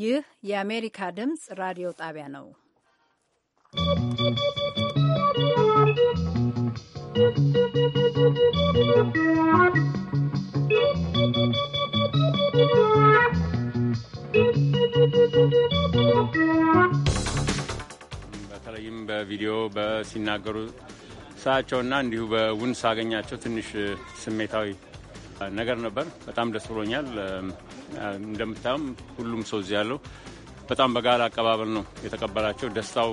ይህ የአሜሪካ ድምፅ ራዲዮ ጣቢያ ነው። በተለይም በቪዲዮ በሲናገሩ ሳያቸውና እንዲሁ በውን ሳገኛቸው ትንሽ ስሜታዊ ነገር ነበር። በጣም ደስ ብሎኛል። እንደምታየም ሁሉም ሰው እዚህ ያለው በጣም በጋራ አቀባበል ነው የተቀበላቸው። ደስታው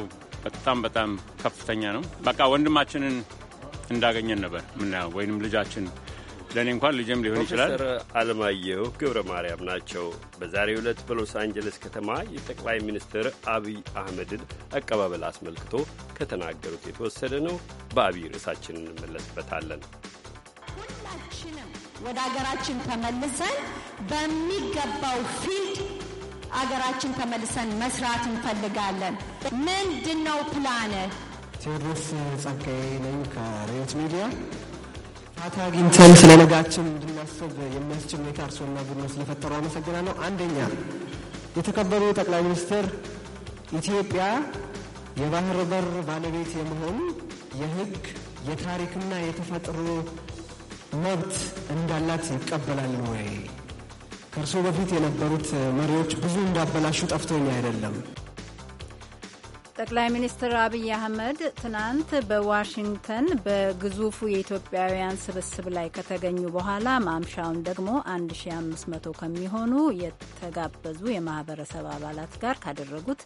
በጣም በጣም ከፍተኛ ነው። በቃ ወንድማችንን እንዳገኘን ነበር ምናየው ወይንም ልጃችን ለእኔ እንኳን ልጅም ሊሆን ይችላል። ፕሮፌሰር አለማየሁ ገብረ ማርያም ናቸው። በዛሬው ዕለት በሎስ አንጀለስ ከተማ የጠቅላይ ሚኒስትር አብይ አህመድን አቀባበል አስመልክቶ ከተናገሩት የተወሰደ ነው። በአብይ ርዕሳችን እንመለስበታለን። ወደ አገራችን ተመልሰን በሚገባው ፊልድ አገራችን ተመልሰን መስራት እንፈልጋለን። ምንድን ነው ፕላን? ቴዎድሮስ ጸጋዬ ነኝ ከሬዮት ሚዲያ። ፋታ አግኝተን ስለ ነጋችን እንድናስብ የሚያስችል ሁኔታ እርስዎና ቡድኖ ስለፈጠሩ አመሰግናለሁ። አንደኛ የተከበሩ ጠቅላይ ሚኒስትር ኢትዮጵያ የባህር በር ባለቤት የመሆኑ የህግ የታሪክና የተፈጥሮ መብት እንዳላት ይቀበላል ወይ? ከእርሶ በፊት የነበሩት መሪዎች ብዙ እንዳበላሹ ጠፍቶኝ አይደለም። ጠቅላይ ሚኒስትር አብይ አህመድ ትናንት በዋሽንግተን በግዙፉ የኢትዮጵያውያን ስብስብ ላይ ከተገኙ በኋላ ማምሻውን ደግሞ 1500 ከሚሆኑ የተጋበዙ የማህበረሰብ አባላት ጋር ካደረጉት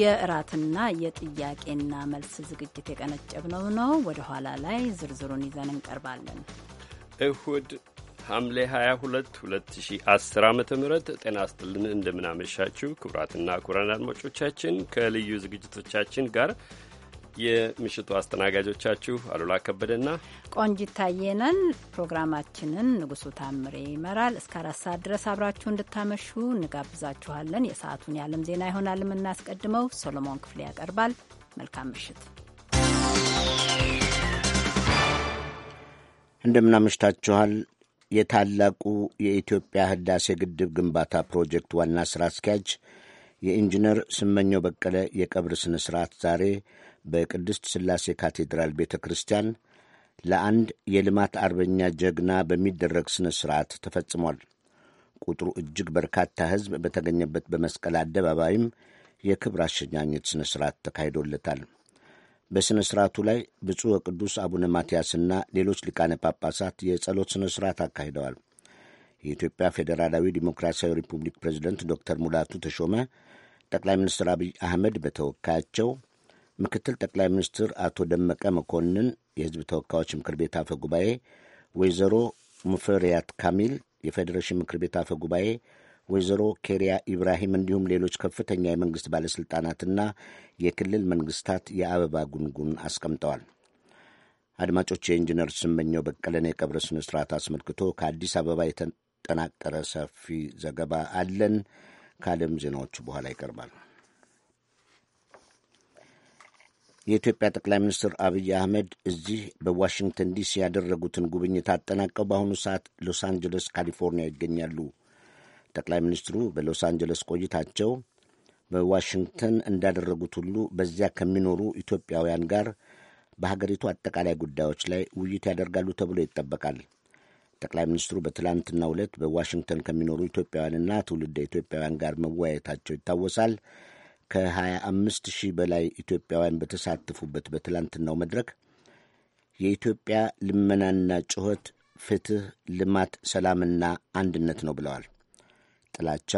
የእራትና የጥያቄና መልስ ዝግጅት የቀነጨብነው ነው። ወደ ኋላ ላይ ዝርዝሩን ይዘን እንቀርባለን። እሁድ ሐምሌ 22 2010 ዓ ም ጤና ስጥልን እንደምናመሻችው ክቡራትና ክቡራን አድማጮቻችን ከልዩ ዝግጅቶቻችን ጋር የምሽቱ አስተናጋጆቻችሁ አሉላ ከበደና ቆንጂት ታየ ፕሮግራማችንን ንጉሱ ታምሬ ይመራል። እስከ አራት ሰዓት ድረስ አብራችሁ እንድታመሹ እንጋብዛችኋለን። የሰዓቱን የዓለም ዜና ይሆናል የምናስቀድመው። ሶሎሞን ክፍሌ ያቀርባል። መልካም ምሽት። እንደምናመሽታችኋል። የታላቁ የኢትዮጵያ ህዳሴ ግድብ ግንባታ ፕሮጀክት ዋና ሥራ አስኪያጅ የኢንጂነር ስመኘው በቀለ የቀብር ሥነ ሥርዓት ዛሬ በቅድስት ሥላሴ ካቴድራል ቤተ ክርስቲያን ለአንድ የልማት አርበኛ ጀግና በሚደረግ ሥነ ሥርዓት ተፈጽሟል። ቁጥሩ እጅግ በርካታ ሕዝብ በተገኘበት በመስቀል አደባባይም የክብር አሸኛኘት ሥነ ሥርዓት ተካሂዶለታል። በሥነ ሥርዓቱ ላይ ብፁዕ ወቅዱስ አቡነ ማትያስና ሌሎች ሊቃነ ጳጳሳት የጸሎት ሥነ ሥርዓት አካሂደዋል። የኢትዮጵያ ፌዴራላዊ ዲሞክራሲያዊ ሪፑብሊክ ፕሬዝደንት ዶክተር ሙላቱ ተሾመ ጠቅላይ ሚኒስትር አብይ አህመድ በተወካያቸው፣ ምክትል ጠቅላይ ሚኒስትር አቶ ደመቀ መኮንን፣ የሕዝብ ተወካዮች ምክር ቤት አፈ ጉባኤ ወይዘሮ ሙፈሪያት ካሚል፣ የፌዴሬሽን ምክር ቤት አፈ ጉባኤ ወይዘሮ ኬሪያ ኢብራሂም እንዲሁም ሌሎች ከፍተኛ የመንግሥት ባለሥልጣናትና የክልል መንግሥታት የአበባ ጉንጉን አስቀምጠዋል። አድማጮች፣ የኢንጂነር ስመኘው በቀለን የቀብረ ሥነ ሥርዓት አስመልክቶ ከአዲስ አበባ የተጠናቀረ ሰፊ ዘገባ አለን። ከዓለም ዜናዎቹ በኋላ ይቀርባል። የኢትዮጵያ ጠቅላይ ሚኒስትር አብይ አህመድ እዚህ በዋሽንግተን ዲሲ ያደረጉትን ጉብኝት አጠናቀው በአሁኑ ሰዓት ሎስ አንጀለስ ካሊፎርኒያ ይገኛሉ። ጠቅላይ ሚኒስትሩ በሎስ አንጀለስ ቆይታቸው በዋሽንግተን እንዳደረጉት ሁሉ በዚያ ከሚኖሩ ኢትዮጵያውያን ጋር በሀገሪቱ አጠቃላይ ጉዳዮች ላይ ውይይት ያደርጋሉ ተብሎ ይጠበቃል። ጠቅላይ ሚኒስትሩ በትላንትናው ዕለት በዋሽንግተን ከሚኖሩ ኢትዮጵያውያንና ትውልደ ኢትዮጵያውያን ጋር መወያየታቸው ይታወሳል። ከ25 ሺህ በላይ ኢትዮጵያውያን በተሳተፉበት በትላንትናው መድረክ የኢትዮጵያ ልመናና ጩኸት ፍትህ፣ ልማት፣ ሰላምና አንድነት ነው ብለዋል። ጥላቻ፣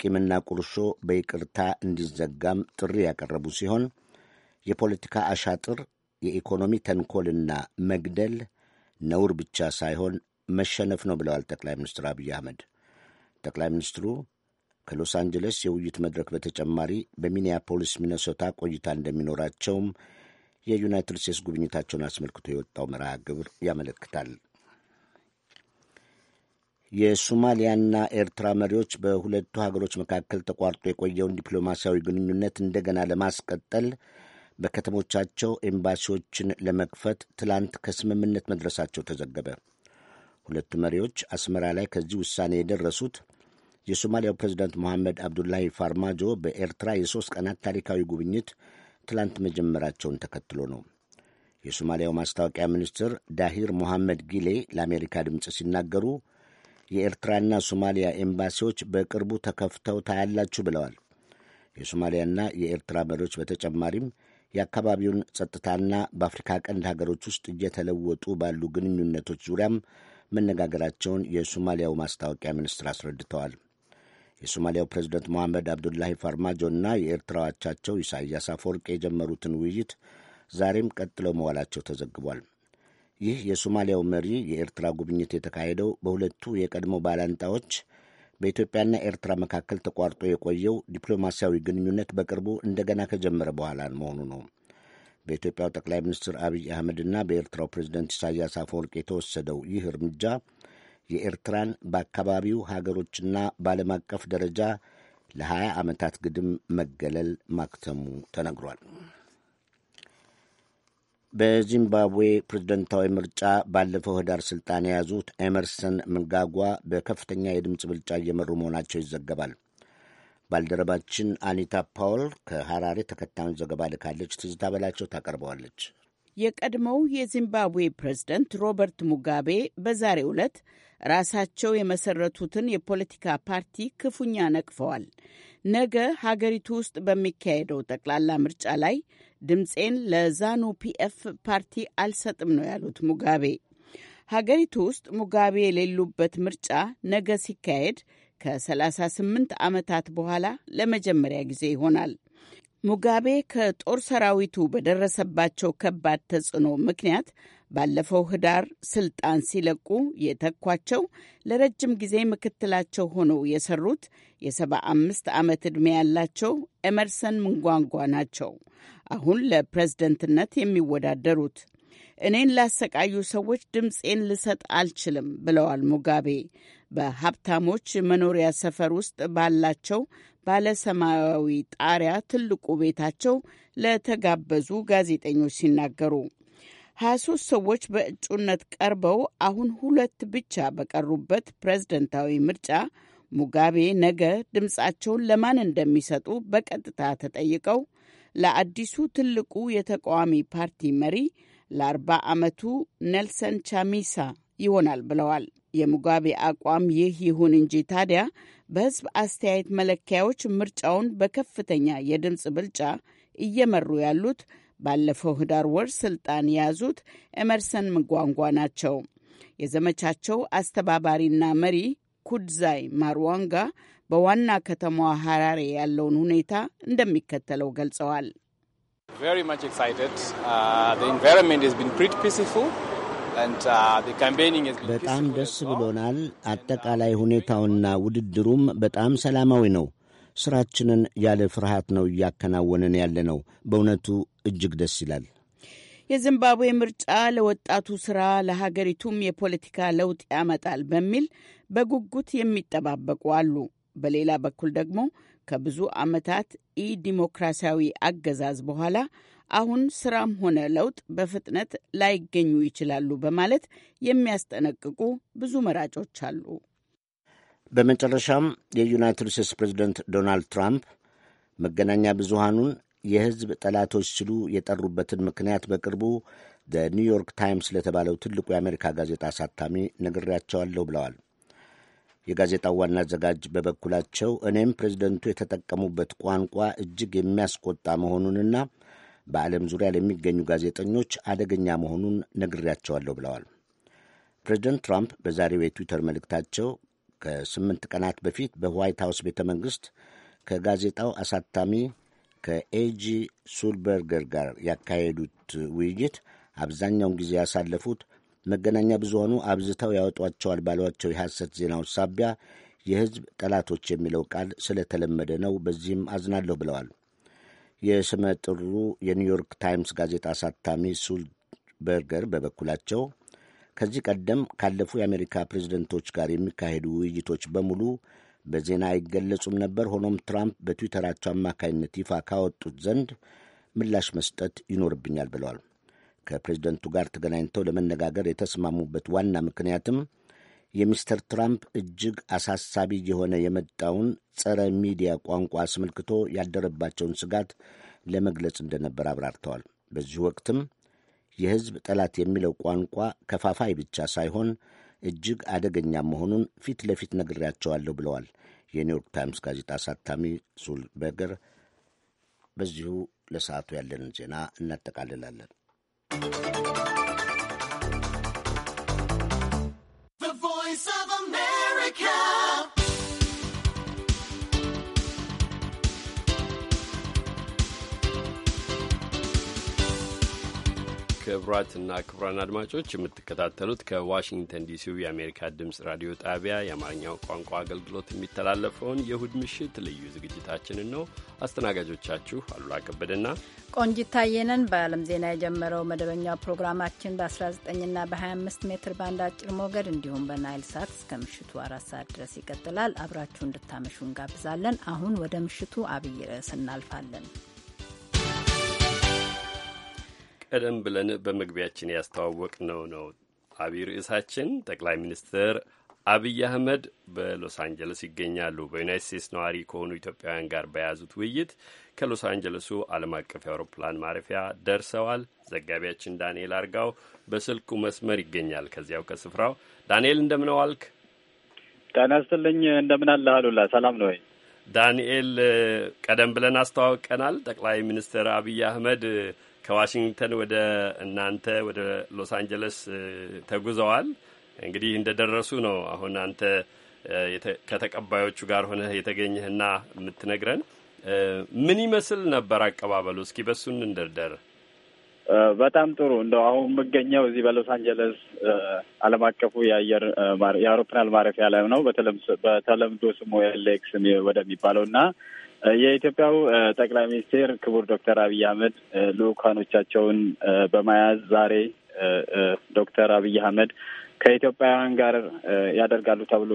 ቂምና ቁርሾ በይቅርታ እንዲዘጋም ጥሪ ያቀረቡ ሲሆን የፖለቲካ አሻጥር፣ የኢኮኖሚ ተንኮልና መግደል ነውር ብቻ ሳይሆን መሸነፍ ነው ብለዋል ጠቅላይ ሚኒስትር አብይ አህመድ። ጠቅላይ ሚኒስትሩ ከሎስ አንጀለስ የውይይት መድረክ በተጨማሪ በሚኒያፖሊስ ሚነሶታ ቆይታ እንደሚኖራቸውም የዩናይትድ ስቴትስ ጉብኝታቸውን አስመልክቶ የወጣው መርሃ ግብር ያመለክታል። የሶማሊያና ኤርትራ መሪዎች በሁለቱ ሀገሮች መካከል ተቋርጦ የቆየውን ዲፕሎማሲያዊ ግንኙነት እንደገና ለማስቀጠል በከተሞቻቸው ኤምባሲዎችን ለመክፈት ትላንት ከስምምነት መድረሳቸው ተዘገበ። ሁለቱ መሪዎች አስመራ ላይ ከዚህ ውሳኔ የደረሱት የሶማሊያው ፕሬዚዳንት ሞሐመድ አብዱላሂ ፋርማጆ በኤርትራ የሦስት ቀናት ታሪካዊ ጉብኝት ትላንት መጀመራቸውን ተከትሎ ነው። የሶማሊያው ማስታወቂያ ሚኒስትር ዳሂር ሞሐመድ ጊሌ ለአሜሪካ ድምፅ ሲናገሩ የኤርትራና ሶማሊያ ኤምባሲዎች በቅርቡ ተከፍተው ታያላችሁ ብለዋል። የሶማሊያና የኤርትራ መሪዎች በተጨማሪም የአካባቢውን ጸጥታና በአፍሪካ ቀንድ ሀገሮች ውስጥ እየተለወጡ ባሉ ግንኙነቶች ዙሪያም መነጋገራቸውን የሶማሊያው ማስታወቂያ ሚኒስትር አስረድተዋል። የሶማሊያው ፕሬዚደንት ሞሐመድ አብዱላሂ ፋርማጆና የኤርትራው አቻቸው ኢሳያስ አፈወርቅ የጀመሩትን ውይይት ዛሬም ቀጥለው መዋላቸው ተዘግቧል። ይህ የሶማሊያው መሪ የኤርትራ ጉብኝት የተካሄደው በሁለቱ የቀድሞ ባላንጣዎች በኢትዮጵያና ኤርትራ መካከል ተቋርጦ የቆየው ዲፕሎማሲያዊ ግንኙነት በቅርቡ እንደገና ከጀመረ በኋላ መሆኑ ነው። በኢትዮጵያው ጠቅላይ ሚኒስትር አብይ አህመድና በኤርትራው ፕሬዚደንት ኢሳያስ አፈወርቅ የተወሰደው ይህ እርምጃ የኤርትራን በአካባቢው ሀገሮችና በዓለም አቀፍ ደረጃ ለ20 ዓመታት ግድም መገለል ማክተሙ ተነግሯል። በዚምባብዌ ፕሬዝደንታዊ ምርጫ ባለፈው ህዳር ስልጣን የያዙት ኤመርሰን ምንጋጓ በከፍተኛ የድምፅ ብልጫ እየመሩ መሆናቸው ይዘገባል። ባልደረባችን አኒታ ፓውል ከሐራሬ ተከታዩን ዘገባ ልካለች። ትዝታ በላቸው ታቀርበዋለች። የቀድሞው የዚምባብዌ ፕሬዝደንት ሮበርት ሙጋቤ በዛሬው ዕለት ራሳቸው የመሰረቱትን የፖለቲካ ፓርቲ ክፉኛ ነቅፈዋል። ነገ ሀገሪቱ ውስጥ በሚካሄደው ጠቅላላ ምርጫ ላይ ድምፄን ለዛኑ ፒኤፍ ፓርቲ አልሰጥም ነው ያሉት ሙጋቤ። ሀገሪቱ ውስጥ ሙጋቤ የሌሉበት ምርጫ ነገ ሲካሄድ ከ38 ዓመታት በኋላ ለመጀመሪያ ጊዜ ይሆናል። ሙጋቤ ከጦር ሰራዊቱ በደረሰባቸው ከባድ ተጽዕኖ ምክንያት ባለፈው ህዳር ስልጣን ሲለቁ የተኳቸው ለረጅም ጊዜ ምክትላቸው ሆነው የሰሩት የሰባ አምስት ዓመት ዕድሜ ያላቸው ኤመርሰን ምንጓንጓ ናቸው። አሁን ለፕሬዝደንትነት የሚወዳደሩት እኔን ላሰቃዩ ሰዎች ድምፄን ልሰጥ አልችልም ብለዋል ሙጋቤ በሀብታሞች መኖሪያ ሰፈር ውስጥ ባላቸው ባለ ሰማያዊ ጣሪያ ትልቁ ቤታቸው ለተጋበዙ ጋዜጠኞች ሲናገሩ 23 ሰዎች በእጩነት ቀርበው አሁን ሁለት ብቻ በቀሩበት ፕሬዝደንታዊ ምርጫ ሙጋቤ ነገ ድምፃቸውን ለማን እንደሚሰጡ በቀጥታ ተጠይቀው ለአዲሱ ትልቁ የተቃዋሚ ፓርቲ መሪ ለአርባ ዓመቱ ኔልሰን ቻሚሳ ይሆናል ብለዋል። የሙጋቤ አቋም ይህ ይሁን እንጂ ታዲያ በሕዝብ አስተያየት መለኪያዎች ምርጫውን በከፍተኛ የድምፅ ብልጫ እየመሩ ያሉት ባለፈው ህዳር ወር ስልጣን የያዙት ኤመርሰን ምጓንጓ ናቸው። የዘመቻቸው አስተባባሪና መሪ ኩድዛይ ማርዋንጋ በዋና ከተማዋ ሀራሬ ያለውን ሁኔታ እንደሚከተለው ገልጸዋል። uh, uh, በጣም ደስ ብሎናል። አጠቃላይ ሁኔታውና ውድድሩም በጣም ሰላማዊ ነው። ስራችንን ያለ ፍርሃት ነው እያከናወንን ያለ ነው። በእውነቱ እጅግ ደስ ይላል። የዚምባብዌ ምርጫ ለወጣቱ ስራ፣ ለሀገሪቱም የፖለቲካ ለውጥ ያመጣል በሚል በጉጉት የሚጠባበቁ አሉ። በሌላ በኩል ደግሞ ከብዙ ዓመታት ኢዲሞክራሲያዊ አገዛዝ በኋላ አሁን ስራም ሆነ ለውጥ በፍጥነት ላይገኙ ይችላሉ በማለት የሚያስጠነቅቁ ብዙ መራጮች አሉ። በመጨረሻም የዩናይትድ ስቴትስ ፕሬዚደንት ዶናልድ ትራምፕ መገናኛ ብዙሃኑን የሕዝብ ጠላቶች ሲሉ የጠሩበትን ምክንያት በቅርቡ ኒውዮርክ ታይምስ ለተባለው ትልቁ የአሜሪካ ጋዜጣ አሳታሚ ነግሬያቸዋለሁ ብለዋል። የጋዜጣው ዋና አዘጋጅ በበኩላቸው እኔም ፕሬዚደንቱ የተጠቀሙበት ቋንቋ እጅግ የሚያስቆጣ መሆኑንና በዓለም ዙሪያ ለሚገኙ ጋዜጠኞች አደገኛ መሆኑን ነግሬያቸዋለሁ ብለዋል። ፕሬዚደንት ትራምፕ በዛሬው የትዊተር መልእክታቸው ከስምንት ቀናት በፊት በዋይት ሀውስ ቤተ መንግሥት ከጋዜጣው አሳታሚ ከኤጂ ሱልበርገር ጋር ያካሄዱት ውይይት አብዛኛውን ጊዜ ያሳለፉት መገናኛ ብዙሃኑ አብዝተው ያወጧቸዋል ባሏቸው የሐሰት ዜናዎች ሳቢያ የሕዝብ ጠላቶች የሚለው ቃል ስለተለመደ ነው። በዚህም አዝናለሁ ብለዋል። የስመ ጥሩ የኒውዮርክ ታይምስ ጋዜጣ አሳታሚ ሱልበርገር በበኩላቸው ከዚህ ቀደም ካለፉ የአሜሪካ ፕሬዝደንቶች ጋር የሚካሄዱ ውይይቶች በሙሉ በዜና አይገለጹም ነበር። ሆኖም ትራምፕ በትዊተራቸው አማካኝነት ይፋ ካወጡት ዘንድ ምላሽ መስጠት ይኖርብኛል ብለዋል። ከፕሬዝደንቱ ጋር ተገናኝተው ለመነጋገር የተስማሙበት ዋና ምክንያትም የሚስተር ትራምፕ እጅግ አሳሳቢ የሆነ የመጣውን ጸረ ሚዲያ ቋንቋ አስመልክቶ ያደረባቸውን ስጋት ለመግለጽ እንደነበር አብራርተዋል። በዚህ ወቅትም የሕዝብ ጠላት የሚለው ቋንቋ ከፋፋይ ብቻ ሳይሆን እጅግ አደገኛ መሆኑን ፊት ለፊት ነግሬያቸዋለሁ ብለዋል። የኒውዮርክ ታይምስ ጋዜጣ አሳታሚ ሱል በዚሁ ለሰዓቱ ያለንን ዜና እናጠቃልላለን። ክቡራትና ክቡራን አድማጮች የምትከታተሉት ከዋሽንግተን ዲሲው የአሜሪካ ድምፅ ራዲዮ ጣቢያ የአማርኛው ቋንቋ አገልግሎት የሚተላለፈውን የእሁድ ምሽት ልዩ ዝግጅታችንን ነው። አስተናጋጆቻችሁ አሉላ ከበደና ቆንጂት ታየነን። በዓለም ዜና የጀመረው መደበኛው ፕሮግራማችን በ19ና በ25 ሜትር ባንድ አጭር ሞገድ እንዲሁም በናይል ሳት እስከ ምሽቱ አራት ሰዓት ድረስ ይቀጥላል። አብራችሁ እንድታመሹ እንጋብዛለን። አሁን ወደ ምሽቱ አብይ ርዕስ እናልፋለን። ቀደም ብለን በመግቢያችን ያስተዋወቅ ነው ነው አብይ ርዕሳችን ጠቅላይ ሚኒስትር አብይ አህመድ በሎስ አንጀለስ ይገኛሉ። በዩናይት ስቴትስ ነዋሪ ከሆኑ ኢትዮጵያውያን ጋር በያዙት ውይይት ከሎስ አንጀለሱ ዓለም አቀፍ የአውሮፕላን ማረፊያ ደርሰዋል። ዘጋቢያችን ዳንኤል አርጋው በስልኩ መስመር ይገኛል ከዚያው ከስፍራው። ዳንኤል እንደምን ዋልክ? ጤና ይስጥልኝ። እንደምን አለህ አሉላ? ሰላም ነው ወይ? ዳንኤል ቀደም ብለን አስተዋውቀናል። ጠቅላይ ሚኒስትር አብይ አህመድ ከዋሽንግተን ወደ እናንተ ወደ ሎስ አንጀለስ ተጉዘዋል። እንግዲህ እንደደረሱ ነው አሁን አንተ ከተቀባዮቹ ጋር ሆነህ የተገኘህና የምትነግረን ምን ይመስል ነበር አቀባበሉ? እስኪ በሱን እንደርደር። በጣም ጥሩ። እንደው አሁን የምገኘው እዚህ በሎስ አንጀለስ ዓለም አቀፉ የአየር የአውሮፕላን ማረፊያ ላይ ነው። በተለምዶ ስሙ ኤልኤክስ ወደሚባለው እና የኢትዮጵያው ጠቅላይ ሚኒስቴር ክቡር ዶክተር አብይ አህመድ ልኡካኖቻቸውን በመያዝ ዛሬ ዶክተር አብይ አህመድ ከኢትዮጵያውያን ጋር ያደርጋሉ ተብሎ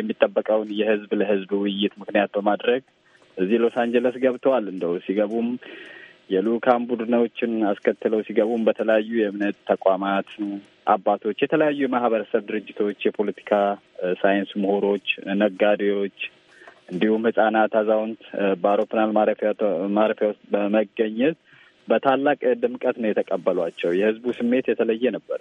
የሚጠበቀውን የህዝብ ለህዝብ ውይይት ምክንያት በማድረግ እዚህ ሎስ አንጀለስ ገብተዋል። እንደው ሲገቡም የልኡካን ቡድኖችን አስከትለው ሲገቡም በተለያዩ የእምነት ተቋማት አባቶች፣ የተለያዩ የማህበረሰብ ድርጅቶች፣ የፖለቲካ ሳይንስ ምሁሮች፣ ነጋዴዎች እንዲሁም ህጻናት፣ አዛውንት በአውሮፕላን ማረፊያ ውስጥ በመገኘት በታላቅ ድምቀት ነው የተቀበሏቸው። የህዝቡ ስሜት የተለየ ነበረ።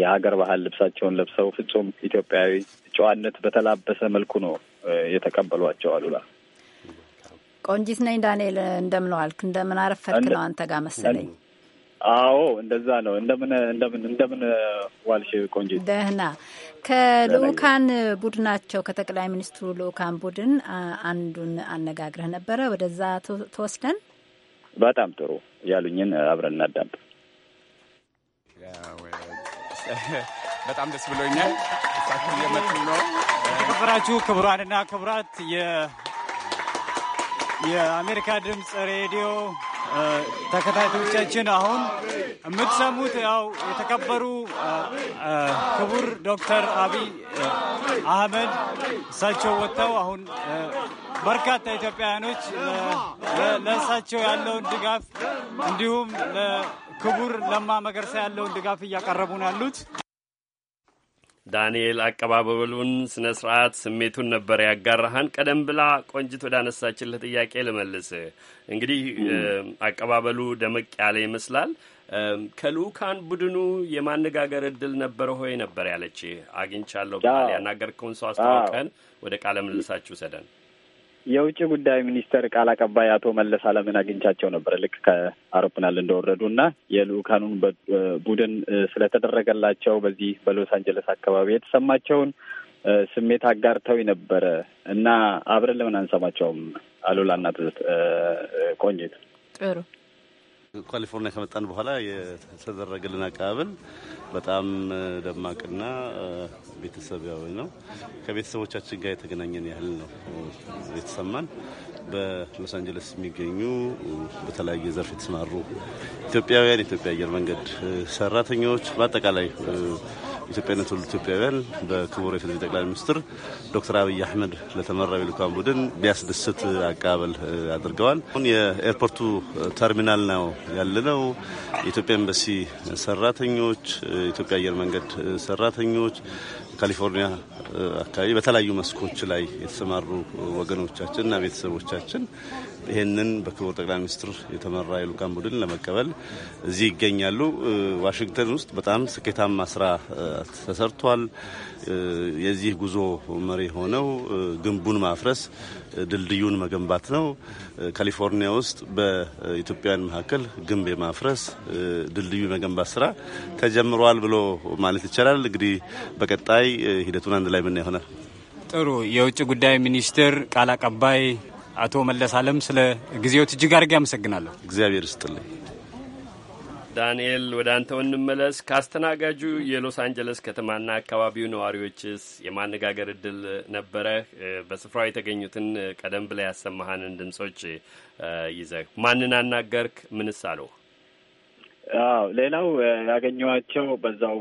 የሀገር ባህል ልብሳቸውን ለብሰው ፍጹም ኢትዮጵያዊ ጨዋነት በተላበሰ መልኩ ነው የተቀበሏቸው። አሉላ ቆንጂት ነኝ። ዳንኤል እንደምን ዋልክ? እንደምን አረፈድክ ነው አንተ ጋር መሰለኝ አዎ እንደዛ ነው። እንደምን እንደምን እንደምን ዋልሽ ቆንጆ። ደህና ከልኡካን ቡድናቸው ከጠቅላይ ሚኒስትሩ ልኡካን ቡድን አንዱን አነጋግረህ ነበረ። ወደዛ ተወስደን በጣም ጥሩ ያሉኝን አብረን እናዳምጥ። በጣም ደስ ብሎኛል። እሳቸው እየመጡ ነው። ክብራችሁ ክቡራንና ክቡራት የአሜሪካ ድምፅ ሬዲዮ ተከታታዮቻችን አሁን የምትሰሙት ያው የተከበሩ ክቡር ዶክተር አብይ አህመድ እሳቸው ወጥተው አሁን በርካታ ኢትዮጵያውያኖች ለእሳቸው ያለውን ድጋፍ እንዲሁም ለክቡር ለማ መገርሳ ያለውን ድጋፍ እያቀረቡ ነው ያሉት። ዳንኤል አቀባበሉን ስነ ስርዓት ስሜቱን ነበር ያጋራሃን። ቀደም ብላ ቆንጅት ወደ አነሳችልህ ጥያቄ ልመልስ። እንግዲህ አቀባበሉ ደመቅ ያለ ይመስላል። ከልኡካን ቡድኑ የማነጋገር እድል ነበረ ሆይ ነበር ያለች አግኝቻለሁ ያናገርከውን ሰው አስተዋውቀን ወደ ቃለ ምልልሳችሁ ሰደን የውጭ ጉዳይ ሚኒስቴር ቃል አቀባይ አቶ መለስ አለምን አግኝቻቸው ነበር ልክ ከአውሮፕላን እንደወረዱ እና የልኡካኑን ቡድን ስለተደረገላቸው በዚህ በሎስ አንጀለስ አካባቢ የተሰማቸውን ስሜት አጋርተው ነበረ እና አብረን ለምን አንሰማቸውም? አሉላና ቆንጂት ጥሩ ካሊፎርኒያ ከመጣን በኋላ የተደረገልን አቀባበል በጣም ደማቅና ቤተሰባዊ ነው። ከቤተሰቦቻችን ጋር የተገናኘን ያህል ነው የተሰማን። በሎስ አንጀለስ የሚገኙ በተለያየ ዘርፍ የተሰማሩ ኢትዮጵያውያን፣ የኢትዮጵያ አየር መንገድ ሰራተኞች፣ በአጠቃላይ ኢትዮጵያና ትውልደ ኢትዮጵያውያን በክቡር የፌዴራል ጠቅላይ ሚኒስትር ዶክተር አብይ አህመድ ለተመራው የልዑካን ቡድን ቢያስደስት አቀባበል አድርገዋል። አሁን የኤርፖርቱ ተርሚናል ነው ያለነው። የኢትዮጵያ ኤምባሲ ሰራተኞች፣ የኢትዮጵያ አየር መንገድ ሰራተኞች ካሊፎርኒያ አካባቢ በተለያዩ መስኮች ላይ የተሰማሩ ወገኖቻችንና ቤተሰቦቻችን ይህንን በክቡር ጠቅላይ ሚኒስትር የተመራ የሉካን ቡድን ለመቀበል እዚህ ይገኛሉ። ዋሽንግተን ውስጥ በጣም ስኬታማ ስራ ተሰርቷል። የዚህ ጉዞ መሪ ሆነው ግንቡን ማፍረስ ድልድዩን መገንባት ነው። ካሊፎርኒያ ውስጥ በኢትዮጵያውያን መካከል ግንብ የማፍረስ ድልድዩ መገንባት ስራ ተጀምሯል ብሎ ማለት ይቻላል። እንግዲህ በቀጣይ ሂደቱን አንድ ላይ ምና ይሆናል። ጥሩ የውጭ ጉዳይ ሚኒስትር ቃል አቀባይ አቶ መለስ አለም ስለ ጊዜዎት እጅግ አድርጌ አመሰግናለሁ። እግዚአብሔር ይስጥልኝ። ዳንኤል ወደ አንተው እንመለስ። ከአስተናጋጁ የሎስ አንጀለስ ከተማና አካባቢው ነዋሪዎችስ የማነጋገር እድል ነበረ? በስፍራው የተገኙትን ቀደም ብላ ያሰማሃንን ድምጾች ይዘህ ማንን አናገርክ? ምንስ አለሁ? አዎ ሌላው ያገኘኋቸው በዛው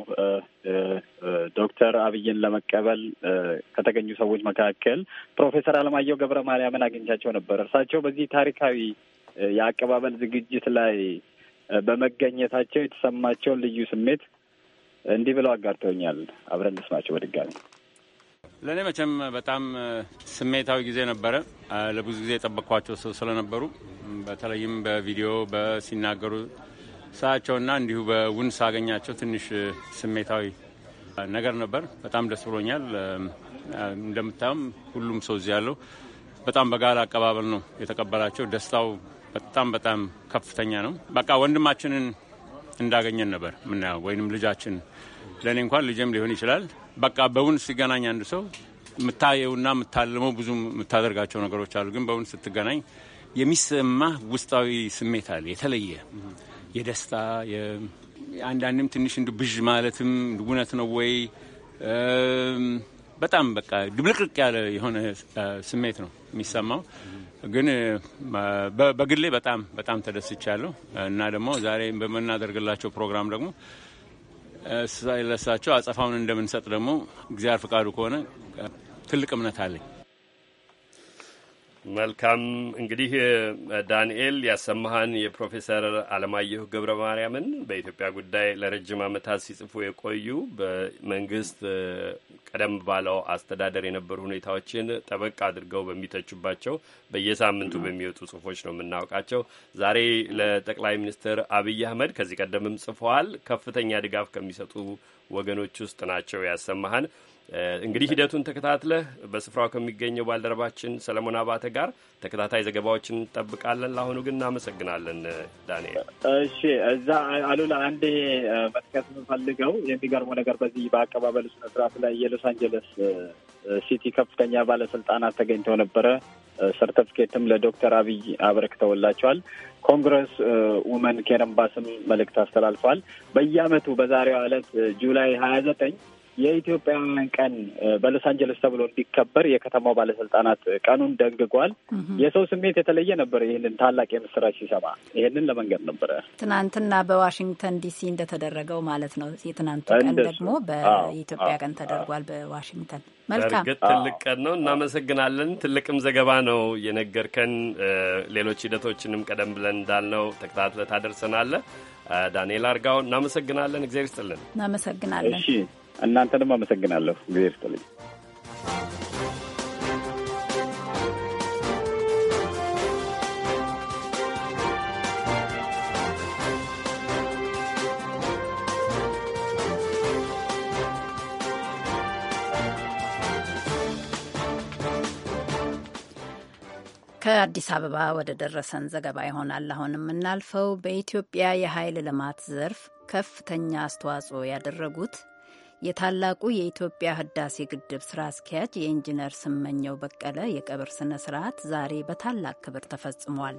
ዶክተር አብይን ለመቀበል ከተገኙ ሰዎች መካከል ፕሮፌሰር አለማየሁ ገብረ ማርያምን አግኝቻቸው ነበር። እርሳቸው በዚህ ታሪካዊ የአቀባበል ዝግጅት ላይ በመገኘታቸው የተሰማቸውን ልዩ ስሜት እንዲህ ብለው አጋርተውኛል። አብረን ልስማቸው በድጋሚ። ለእኔ መቼም በጣም ስሜታዊ ጊዜ ነበረ። ለብዙ ጊዜ የጠበቅኳቸው ሰው ስለነበሩ በተለይም በቪዲዮ በሲናገሩ ሳያቸውና እንዲሁ በውን ሳገኛቸው ትንሽ ስሜታዊ ነገር ነበር። በጣም ደስ ብሎኛል። እንደምታዩም ሁሉም ሰው እዚህ ያለው በጣም በጋለ አቀባበል ነው የተቀበላቸው። ደስታው በጣም በጣም ከፍተኛ ነው። በቃ ወንድማችንን እንዳገኘን ነበር ምናየው፣ ወይም ልጃችን ለእኔ እንኳን ልጅም ሊሆን ይችላል። በቃ በውን ሲገናኝ አንድ ሰው የምታየውና የምታልመው ብዙ የምታደርጋቸው ነገሮች አሉ፣ ግን በውን ስትገናኝ የሚሰማ ውስጣዊ ስሜት አለ የተለየ የደስታ አንዳንድም ትንሽ እንዱ ብዥ ማለትም እውነት ነው ወይ በጣም በቃ ድብልቅልቅ ያለ የሆነ ስሜት ነው የሚሰማው። ግን በግሌ በጣም በጣም ተደስቻለሁ እና ደግሞ ዛሬ በምናደርግላቸው ፕሮግራም ደግሞ ለሳቸው አጸፋውን እንደምንሰጥ ደግሞ እግዚአብሔር ፍቃዱ ከሆነ ትልቅ እምነት አለኝ። መልካም እንግዲህ ዳንኤል ያሰማሃን የፕሮፌሰር አለማየሁ ገብረ ማርያምን በኢትዮጵያ ጉዳይ ለረጅም ዓመታት ሲጽፉ የቆዩ በመንግስት ቀደም ባለው አስተዳደር የነበሩ ሁኔታዎችን ጠበቅ አድርገው በሚተቹባቸው በየሳምንቱ በሚወጡ ጽሁፎች ነው የምናውቃቸው። ዛሬ ለጠቅላይ ሚኒስትር አብይ አህመድ ከዚህ ቀደምም ጽፈዋል። ከፍተኛ ድጋፍ ከሚሰጡ ወገኖች ውስጥ ናቸው ያሰማሃን እንግዲህ ሂደቱን ተከታትለህ በስፍራው ከሚገኘው ባልደረባችን ሰለሞን አባተ ጋር ተከታታይ ዘገባዎችን እንጠብቃለን። ለአሁኑ ግን እናመሰግናለን ዳንኤል። እሺ፣ እዛ አሉላ አንዴ መጥቀስ የምፈልገው የሚገርመው ነገር በዚህ በአቀባበል ስነ ላይ የሎስ አንጀለስ ሲቲ ከፍተኛ ባለስልጣናት ተገኝተው ነበረ። ሰርተፍኬትም ለዶክተር አብይ አበረክተውላቸዋል። ኮንግረስ ውመን ኬረምባስም መልእክት አስተላልፈዋል። በየአመቱ በዛሬዋ ዕለት ጁላይ ሀያ ዘጠኝ የኢትዮጵያውያን ቀን በሎስ አንጀለስ ተብሎ እንዲከበር የከተማው ባለስልጣናት ቀኑን ደንግጓል። የሰው ስሜት የተለየ ነበር። ይህንን ታላቅ የምስራች ሲሰማ ይህንን ለመንገድ ነበረ ትናንትና በዋሽንግተን ዲሲ እንደተደረገው ማለት ነው። የትናንቱ ቀን ደግሞ በኢትዮጵያ ቀን ተደርጓል በዋሽንግተን። መልካም ትልቅ ቀን ነው። እናመሰግናለን። ትልቅም ዘገባ ነው የነገርከን። ሌሎች ሂደቶችንም ቀደም ብለን እንዳልነው ተከታትለ ታደርሰናለ። ዳንኤል አርጋው እናመሰግናለን። እግዚአብሔር ይስጥልን። እናመሰግናለን። እናንተንም አመሰግናለሁ። ጊዜ ስጥልኝ። ከአዲስ አበባ ወደ ደረሰን ዘገባ ይሆናል አሁን የምናልፈው። በኢትዮጵያ የኃይል ልማት ዘርፍ ከፍተኛ አስተዋጽኦ ያደረጉት የታላቁ የኢትዮጵያ ህዳሴ ግድብ ስራ አስኪያጅ የኢንጂነር ስመኘው በቀለ የቀብር ስነ ስርዓት ዛሬ በታላቅ ክብር ተፈጽሟል።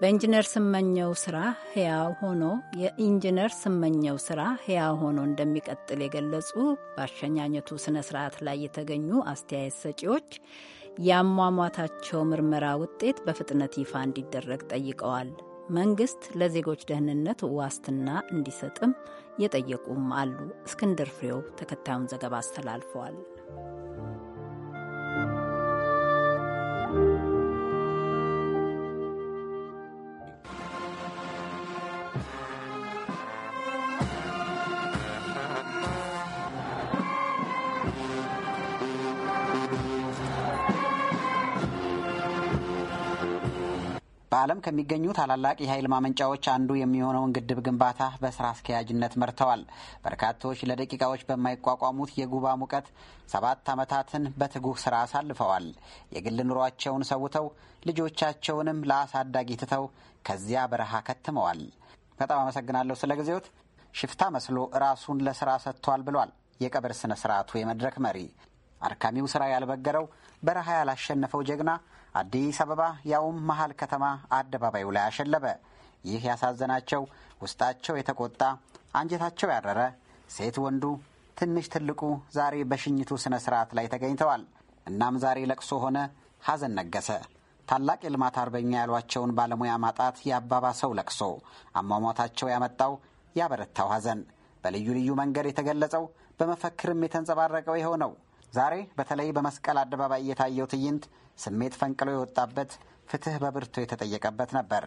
በኢንጂነር ስመኘው ስራ ህያው ሆኖ የኢንጂነር ስመኘው ስራ ህያው ሆኖ እንደሚቀጥል የገለጹ በአሸኛኘቱ ስነ ስርዓት ላይ የተገኙ አስተያየት ሰጪዎች የአሟሟታቸው ምርመራ ውጤት በፍጥነት ይፋ እንዲደረግ ጠይቀዋል። መንግስት ለዜጎች ደህንነት ዋስትና እንዲሰጥም የጠየቁም አሉ። እስክንድር ፍሬው ተከታዩን ዘገባ አስተላልፈዋል። በዓለም ከሚገኙ ታላላቅ የኃይል ማመንጫዎች አንዱ የሚሆነውን ግድብ ግንባታ በስራ አስኪያጅነት መርተዋል። በርካቶች ለደቂቃዎች በማይቋቋሙት የጉባ ሙቀት ሰባት ዓመታትን በትጉህ ስራ አሳልፈዋል። የግል ኑሯቸውን ሰውተው ልጆቻቸውንም ለአሳዳጊ ትተው ከዚያ በረሃ ከትመዋል። በጣም አመሰግናለሁ ስለ ጊዜዎት። ሽፍታ መስሎ ራሱን ለስራ ሰጥቷል ብሏል የቀብር ስነ ስርዓቱ የመድረክ መሪ። አድካሚው ስራ ያልበገረው በረሃ ያላሸነፈው ጀግና አዲስ አበባ ያውም መሀል ከተማ አደባባዩ ላይ አሸለበ። ይህ ያሳዘናቸው፣ ውስጣቸው የተቆጣ፣ አንጀታቸው ያረረ ሴት ወንዱ፣ ትንሽ ትልቁ ዛሬ በሽኝቱ ሥነ ሥርዓት ላይ ተገኝተዋል። እናም ዛሬ ለቅሶ ሆነ፣ ሐዘን ነገሰ። ታላቅ የልማት አርበኛ ያሏቸውን ባለሙያ ማጣት ሰው ለቅሶ፣ አሟሟታቸው ያመጣው ያበረታው ሐዘን፣ በልዩ ልዩ መንገድ የተገለጸው በመፈክርም የተንጸባረቀው ይኸው ነው። ዛሬ በተለይ በመስቀል አደባባይ የታየው ትዕይንት ስሜት ፈንቅሎ የወጣበት ፍትህ በብርቱ የተጠየቀበት ነበር።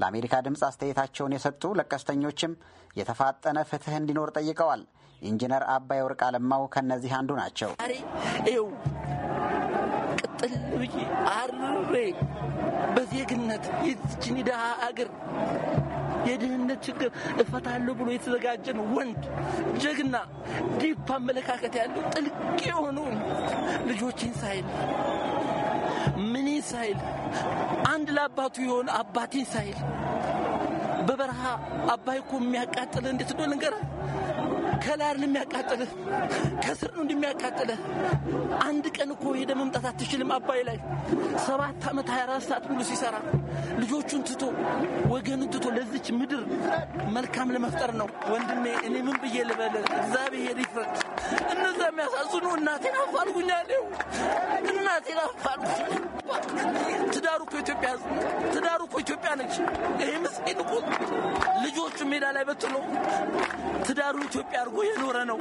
ለአሜሪካ ድምፅ አስተያየታቸውን የሰጡ ለቀስተኞችም የተፋጠነ ፍትህ እንዲኖር ጠይቀዋል። ኢንጂነር አባይ ወርቅ አለማው ከእነዚህ አንዱ ናቸው። ይኸው ቅጥል ብዬ አርሬ በዜግነት ይችን ድሃ አገር የድህነት ችግር እፈታለሁ ብሎ የተዘጋጀን ወንድ ጀግና፣ ዲፕ አመለካከት ያለው ጥልቅ የሆኑ ልጆችን ሳይል ምን ሳይል አንድ ለአባቱ የሆነ አባቴን ሳይል በበረሃ አባይ እኮ የሚያቃጥል እንዴት ዶ ልንገራ ከላይ አይደል የሚያቃጥልህ፣ ከስር ነው እንደሚያቃጥልህ። አንድ ቀን እኮ ሄደ መምጣት አትችልም። አባይ ላይ ሰባት ዓመት 24 ሰዓት ሙሉ ሲሰራ ልጆቹን ትቶ ወገኑን ትቶ ለዚች ምድር መልካም ለመፍጠር ነው። ወንድሜ እኔ ምን ብዬ ልበል? እግዚአብሔር ይፍረድ። እነዛ የሚያሳዝኑ እናቴን አፋልጉኛል። እናቴን አፋልጉ። ትዳሩ እኮ ኢትዮጵያ ህዝብ እኮ ኢትዮጵያ ነች። ይሄ ምስኪን እኮ ልጆቹ ሜዳ ላይ በትሎ ትዳሩ ኢትዮጵያ አድርጎ የኖረ ነው።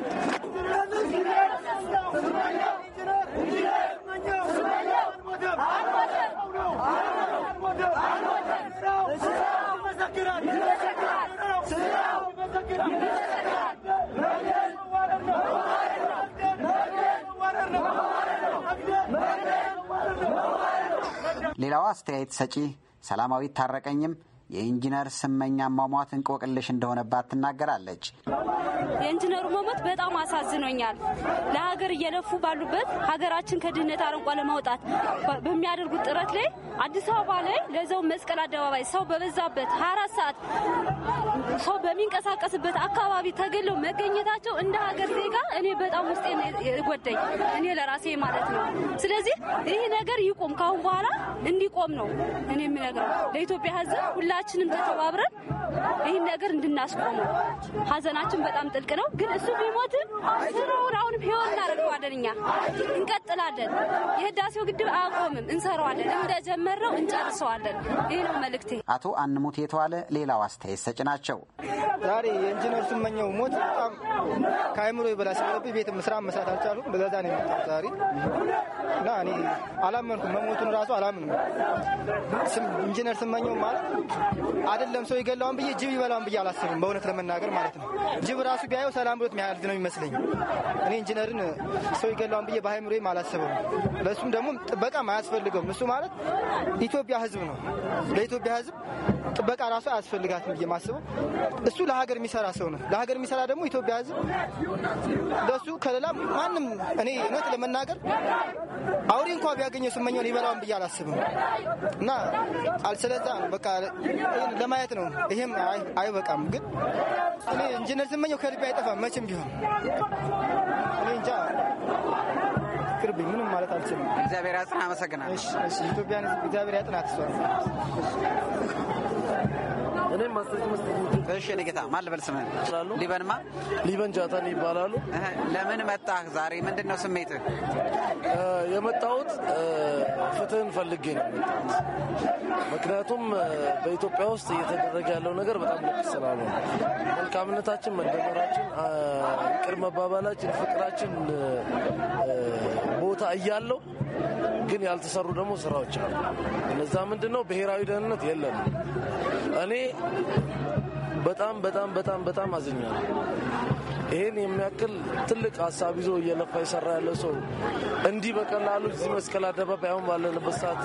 ሌላዋ አስተያየት ሰጪ ሰላማዊት ታረቀኝም የኢንጂነር ስመኛ ሟሟት እንቆቅልሽ እንደሆነባት ትናገራለች። የኢንጂነሩ መሞት በጣም አሳዝኖኛል። ለሀገር እየለፉ ባሉበት ሀገራችን ከድህነት አረንቋ ለማውጣት በሚያደርጉት ጥረት ላይ አዲስ አበባ ላይ ለዘው መስቀል አደባባይ ሰው በበዛበት ሀያ ሰዓት ሰው በሚንቀሳቀስበት አካባቢ ተገለው መገኘታቸው እንደ ሀገር ዜጋ እኔ በጣም ውስጤ ጎደኝ፣ እኔ ለራሴ ማለት ነው። ስለዚህ ይህ ነገር ይቆም፣ ካሁን በኋላ እንዲቆም ነው እኔ የምነግረው ለኢትዮጵያ ሕዝብ ሁላ ሁላችንም ተተባብረን ይህን ነገር እንድናስቆሙ ሀዘናችን በጣም ጥልቅ ነው። ግን እሱ ቢሞትም ስራውን አሁንም ህይወት እናደርገዋለን። እኛ እንቀጥላለን። የህዳሴው ግድብ አያቆምም፣ እንሰራዋለን። እንደጀመረው እንጨርሰዋለን። ይህ ነው መልእክቴ። አቶ አንሙት የተዋለ ሌላው አስተያየት ሰጭ ናቸው። ዛሬ የኢንጂነር ስመኘው ሞት በጣም ከአይምሮ ይበላ ሲኖርብ ቤት ስራ መስራት አልቻሉም። በዛ ነው የመጣው ዛሬ እና እኔ አላመንኩም። መሞቱን ራሱ አላምንም። ኢንጂነር ስመኘው ማለት አይደለም ሰው ይገላውን ብዬ ጅብ ይበላውን ብዬ አላስብም። በእውነት ለመናገር ማለት ነው። ጅብ ራሱ ቢያየው ሰላም ብሎት የሚያልድ ነው የሚመስለኝ። እኔ ኢንጂነርን ሰው ይገላውን ብዬ በአይምሮዬም አላስብም። ለእሱም ደግሞ ጥበቃም አያስፈልገውም። እሱ ማለት ኢትዮጵያ ህዝብ ነው። ለኢትዮጵያ ህዝብ ጥበቃ ራሱ አያስፈልጋትም ብዬ ማስበው እሱ ለሀገር የሚሰራ ሰው ነው። ለሀገር የሚሰራ ደግሞ ኢትዮጵያ ህዝብ ለእሱ ከሌላ ማንም እኔ እውነት ለመናገር አውሬ እንኳ ቢያገኘው ስመኛውን ይበላውን ብዬ አላስብም እና አልስለዛ በቃ ለማየት ነው። ይሄም አይበቃም፣ ግን እኔ ኢንጂነር ስመኘው ከልቤ አይጠፋም መቼም ቢሆን እኔ እንጃ ቅርብ ምንም ማለት አልችልም። እግዚአብሔር ያጽና። አመሰግናለሁ። ኢትዮጵያን እግዚአብሔር ያጽናት። እኔም እሺ ጌታ ማን ልበል ስምህን? ሊበንማ ሊበን ጃታን ይባላሉ። ለምን መጣህ ዛሬ? ምንድን ነው ስሜትህ? የመጣሁት ፍትህን ፈልጌ ነው የመጣሁት። ምክንያቱም በኢትዮጵያ ውስጥ እየተደረገ ያለው ነገር በጣም ልክ መልካምነታችን፣ መደመራችን፣ ይቅር መባባላችን፣ ፍቅራችን ቦታ እያለው ግን ያልተሰሩ ደግሞ ስራዎች አሉ። እነዛ ምንድን ነው? ብሔራዊ ደህንነት የለንም። እኔ በጣም በጣም በጣም በጣም አዝኛለሁ። ይህን የሚያክል ትልቅ ሀሳብ ይዞ እየለፋ የሰራ ያለ ሰው እንዲህ በቀላሉ እዚህ መስቀል አደባባይ አሁን ባለንበት ሰዓት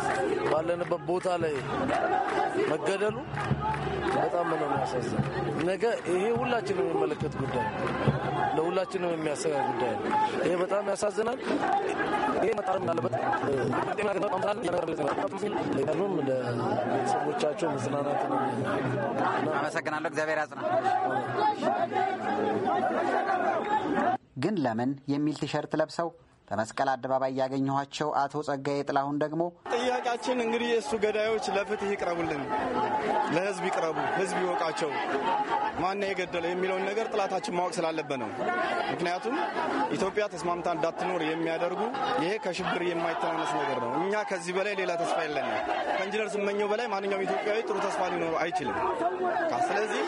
ባለንበት ቦታ ላይ መገደሉ በጣም ነው የሚያሳዝን። ነገ ይሄ ሁላችንም የሚመለከት ጉዳይ ለሁላችንም የሚያሰጋ ጉዳይ ነው። ይሄ በጣም ያሳዝናል። ይሄ መጣርም ያለበት ለቤተሰቦቻቸው መጽናናት ነው። አመሰግናለሁ። እግዚአብሔር ያጽና። ግን ለምን የሚል ቲሸርት ለብሰው በመስቀል አደባባይ ያገኘኋቸው አቶ ጸጋዬ ጥላሁን ደግሞ ጥያቄያችን እንግዲህ የእሱ ገዳዮች ለፍትህ ይቅረቡልን፣ ለህዝብ ይቅረቡ፣ ህዝብ ይወቃቸው፣ ማነው የገደለ የሚለውን ነገር ጥላታችን ማወቅ ስላለበት ነው። ምክንያቱም ኢትዮጵያ ተስማምታ እንዳትኖር የሚያደርጉ ይሄ ከሽብር የማይተናነስ ነገር ነው። እኛ ከዚህ በላይ ሌላ ተስፋ የለን። ከኢንጂነር ስመኘው በላይ ማንኛውም ኢትዮጵያዊ ጥሩ ተስፋ ሊኖረው አይችልም። ስለዚህ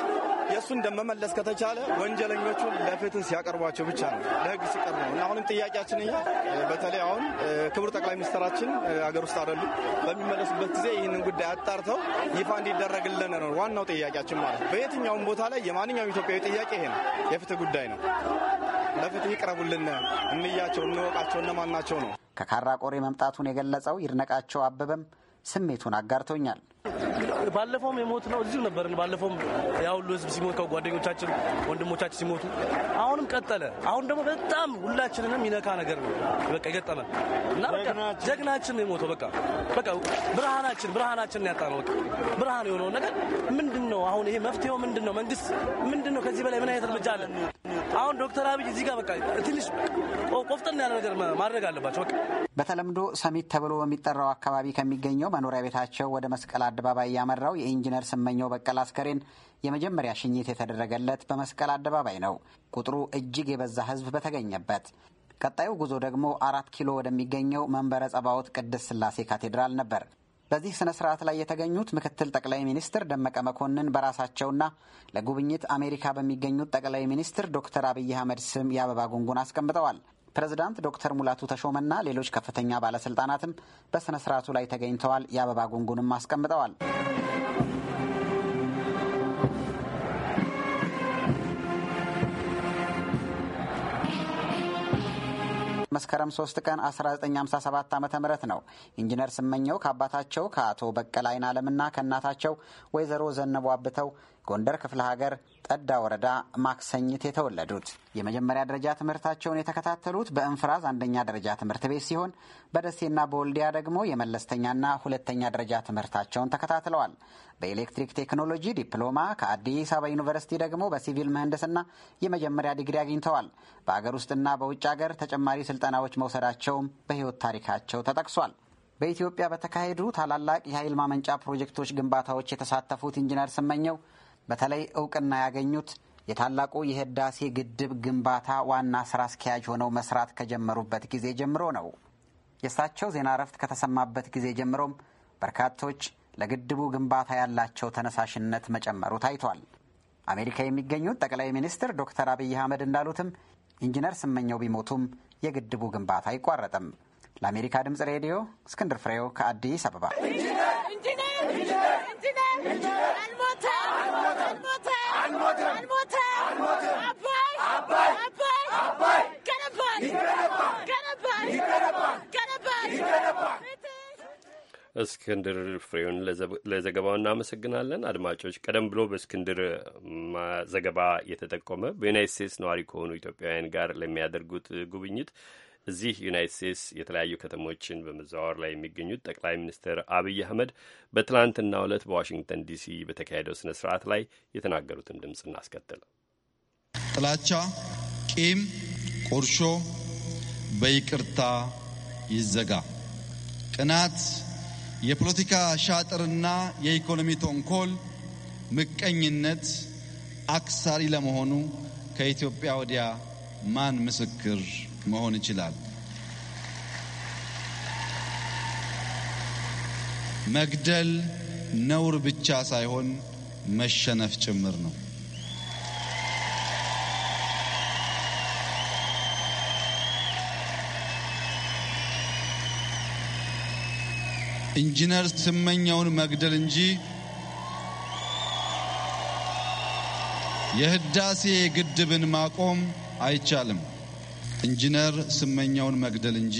የእሱን እንደመመለስ ከተቻለ ወንጀለኞቹን ለፍትህ ሲያቀርቧቸው ብቻ ነው፣ ለህግ ሲቀር ነው። እና አሁንም ጥያቄያችን እኛ በተለይ አሁን ክቡር ጠቅላይ ሚኒስትራችን አገር ውስጥ አይደሉም። በሚመለሱበት ጊዜ ይህንን ጉዳይ አጣርተው ይፋ እንዲደረግልን ነው ዋናው ጥያቄያችን ማለት ነው። በየትኛውም ቦታ ላይ የማንኛውም ኢትዮጵያዊ ጥያቄ ይሄ ነው፣ የፍትህ ጉዳይ ነው። ለፍትህ ይቅረቡልን፣ እንያቸው፣ እንወቃቸው እነማን ናቸው ነው። ከካራ ቆሬ መምጣቱን የገለጸው ይድነቃቸው አበበም ስሜቱን አጋርቶኛል። ባለፈውም የሞት ነው እዚሁ ነበር። ባለፈውም ያ ሁሉ ህዝብ ሲሞት ከጓደኞቻችን ወንድሞቻችን ሲሞቱ አሁንም ቀጠለ። አሁን ደግሞ በጣም ሁላችንንም ይነካ ነገር ነው በቃ የገጠመ እና ጀግናችን ነው የሞተው። በቃ በቃ ብርሃናችን ብርሃናችን ያጣ ነው ብርሃን የሆነውን ነገር ምንድን ነው አሁን ይሄ መፍትሄው ምንድን ነው? መንግስት ምንድን ነው? ከዚህ በላይ ምን አይነት እርምጃ አለ? አሁን ዶክተር አብይ እዚህ ጋር በቃ ትንሽ ቆፍጠን ያለ ነገር ማድረግ አለባቸው። በቃ በተለምዶ ሰሚት ተብሎ በሚጠራው አካባቢ ከሚገኘው መኖሪያ ቤታቸው ወደ መስቀል አደባባይ ያመራው የኢንጂነር ስመኘው በቀለ አስከሬን የመጀመሪያ ሽኝት የተደረገለት በመስቀል አደባባይ ነው፣ ቁጥሩ እጅግ የበዛ ህዝብ በተገኘበት። ቀጣዩ ጉዞ ደግሞ አራት ኪሎ ወደሚገኘው መንበረ ጸባዖት ቅድስት ስላሴ ካቴድራል ነበር። በዚህ ስነ ስርዓት ላይ የተገኙት ምክትል ጠቅላይ ሚኒስትር ደመቀ መኮንን በራሳቸውና ለጉብኝት አሜሪካ በሚገኙት ጠቅላይ ሚኒስትር ዶክተር አብይ አህመድ ስም የአበባ ጉንጉን አስቀምጠዋል። ፕሬዝዳንት ዶክተር ሙላቱ ተሾመና ሌሎች ከፍተኛ ባለስልጣናትም በሥነ ሥርዓቱ ላይ ተገኝተዋል። የአበባ ጉንጉንም አስቀምጠዋል። መስከረም 3 ቀን 1957 ዓ ም ነው ኢንጂነር ስመኘው ከአባታቸው ከአቶ በቀለ አይን ዓለምና ከእናታቸው ወይዘሮ ዘነቡ አብተው ጎንደር ክፍለ ሀገር ጠዳ ወረዳ ማክሰኝት የተወለዱት የመጀመሪያ ደረጃ ትምህርታቸውን የተከታተሉት በእንፍራዝ አንደኛ ደረጃ ትምህርት ቤት ሲሆን በደሴና በወልዲያ ደግሞ የመለስተኛና ሁለተኛ ደረጃ ትምህርታቸውን ተከታትለዋል። በኤሌክትሪክ ቴክኖሎጂ ዲፕሎማ ከአዲስ አበባ ዩኒቨርሲቲ ደግሞ በሲቪል ምህንድስና የመጀመሪያ ዲግሪ አግኝተዋል። በአገር ውስጥና በውጭ ሀገር ተጨማሪ ስልጠናዎች መውሰዳቸውም በሕይወት ታሪካቸው ተጠቅሷል። በኢትዮጵያ በተካሄዱ ታላላቅ የኃይል ማመንጫ ፕሮጀክቶች ግንባታዎች የተሳተፉት ኢንጂነር ስመኘው በተለይ እውቅና ያገኙት የታላቁ የህዳሴ ግድብ ግንባታ ዋና ስራ አስኪያጅ ሆነው መስራት ከጀመሩበት ጊዜ ጀምሮ ነው። የእሳቸው ዜና እረፍት ከተሰማበት ጊዜ ጀምሮም በርካቶች ለግድቡ ግንባታ ያላቸው ተነሳሽነት መጨመሩ ታይቷል። አሜሪካ የሚገኙት ጠቅላይ ሚኒስትር ዶክተር አብይ አህመድ እንዳሉትም ኢንጂነር ስመኘው ቢሞቱም የግድቡ ግንባታ አይቋረጥም። ለአሜሪካ ድምፅ ሬዲዮ እስክንድር ፍሬው ከአዲስ አበባ እስክንድር ፍሬውን ለዘገባው እናመሰግናለን። አድማጮች፣ ቀደም ብሎ በእስክንድር ዘገባ የተጠቆመ በዩናይት ስቴትስ ነዋሪ ከሆኑ ኢትዮጵያውያን ጋር ለሚያደርጉት ጉብኝት እዚህ ዩናይት ስቴትስ የተለያዩ ከተሞችን በመዘዋወር ላይ የሚገኙት ጠቅላይ ሚኒስትር አብይ አህመድ በትላንትናው ዕለት በዋሽንግተን ዲሲ በተካሄደው ስነ ስርዓት ላይ የተናገሩትን ድምፅ እናስከትል። ጥላቻ፣ ቂም፣ ቁርሾ በይቅርታ ይዘጋ። ቅናት፣ የፖለቲካ ሻጥርና የኢኮኖሚ ተንኮል፣ ምቀኝነት አክሳሪ ለመሆኑ ከኢትዮጵያ ወዲያ ማን ምስክር መሆን ይችላል? መግደል ነውር ብቻ ሳይሆን መሸነፍ ጭምር ነው። ኢንጂነር ስመኛውን መግደል እንጂ የህዳሴ ግድብን ማቆም አይቻልም። ኢንጂነር ስመኛውን መግደል እንጂ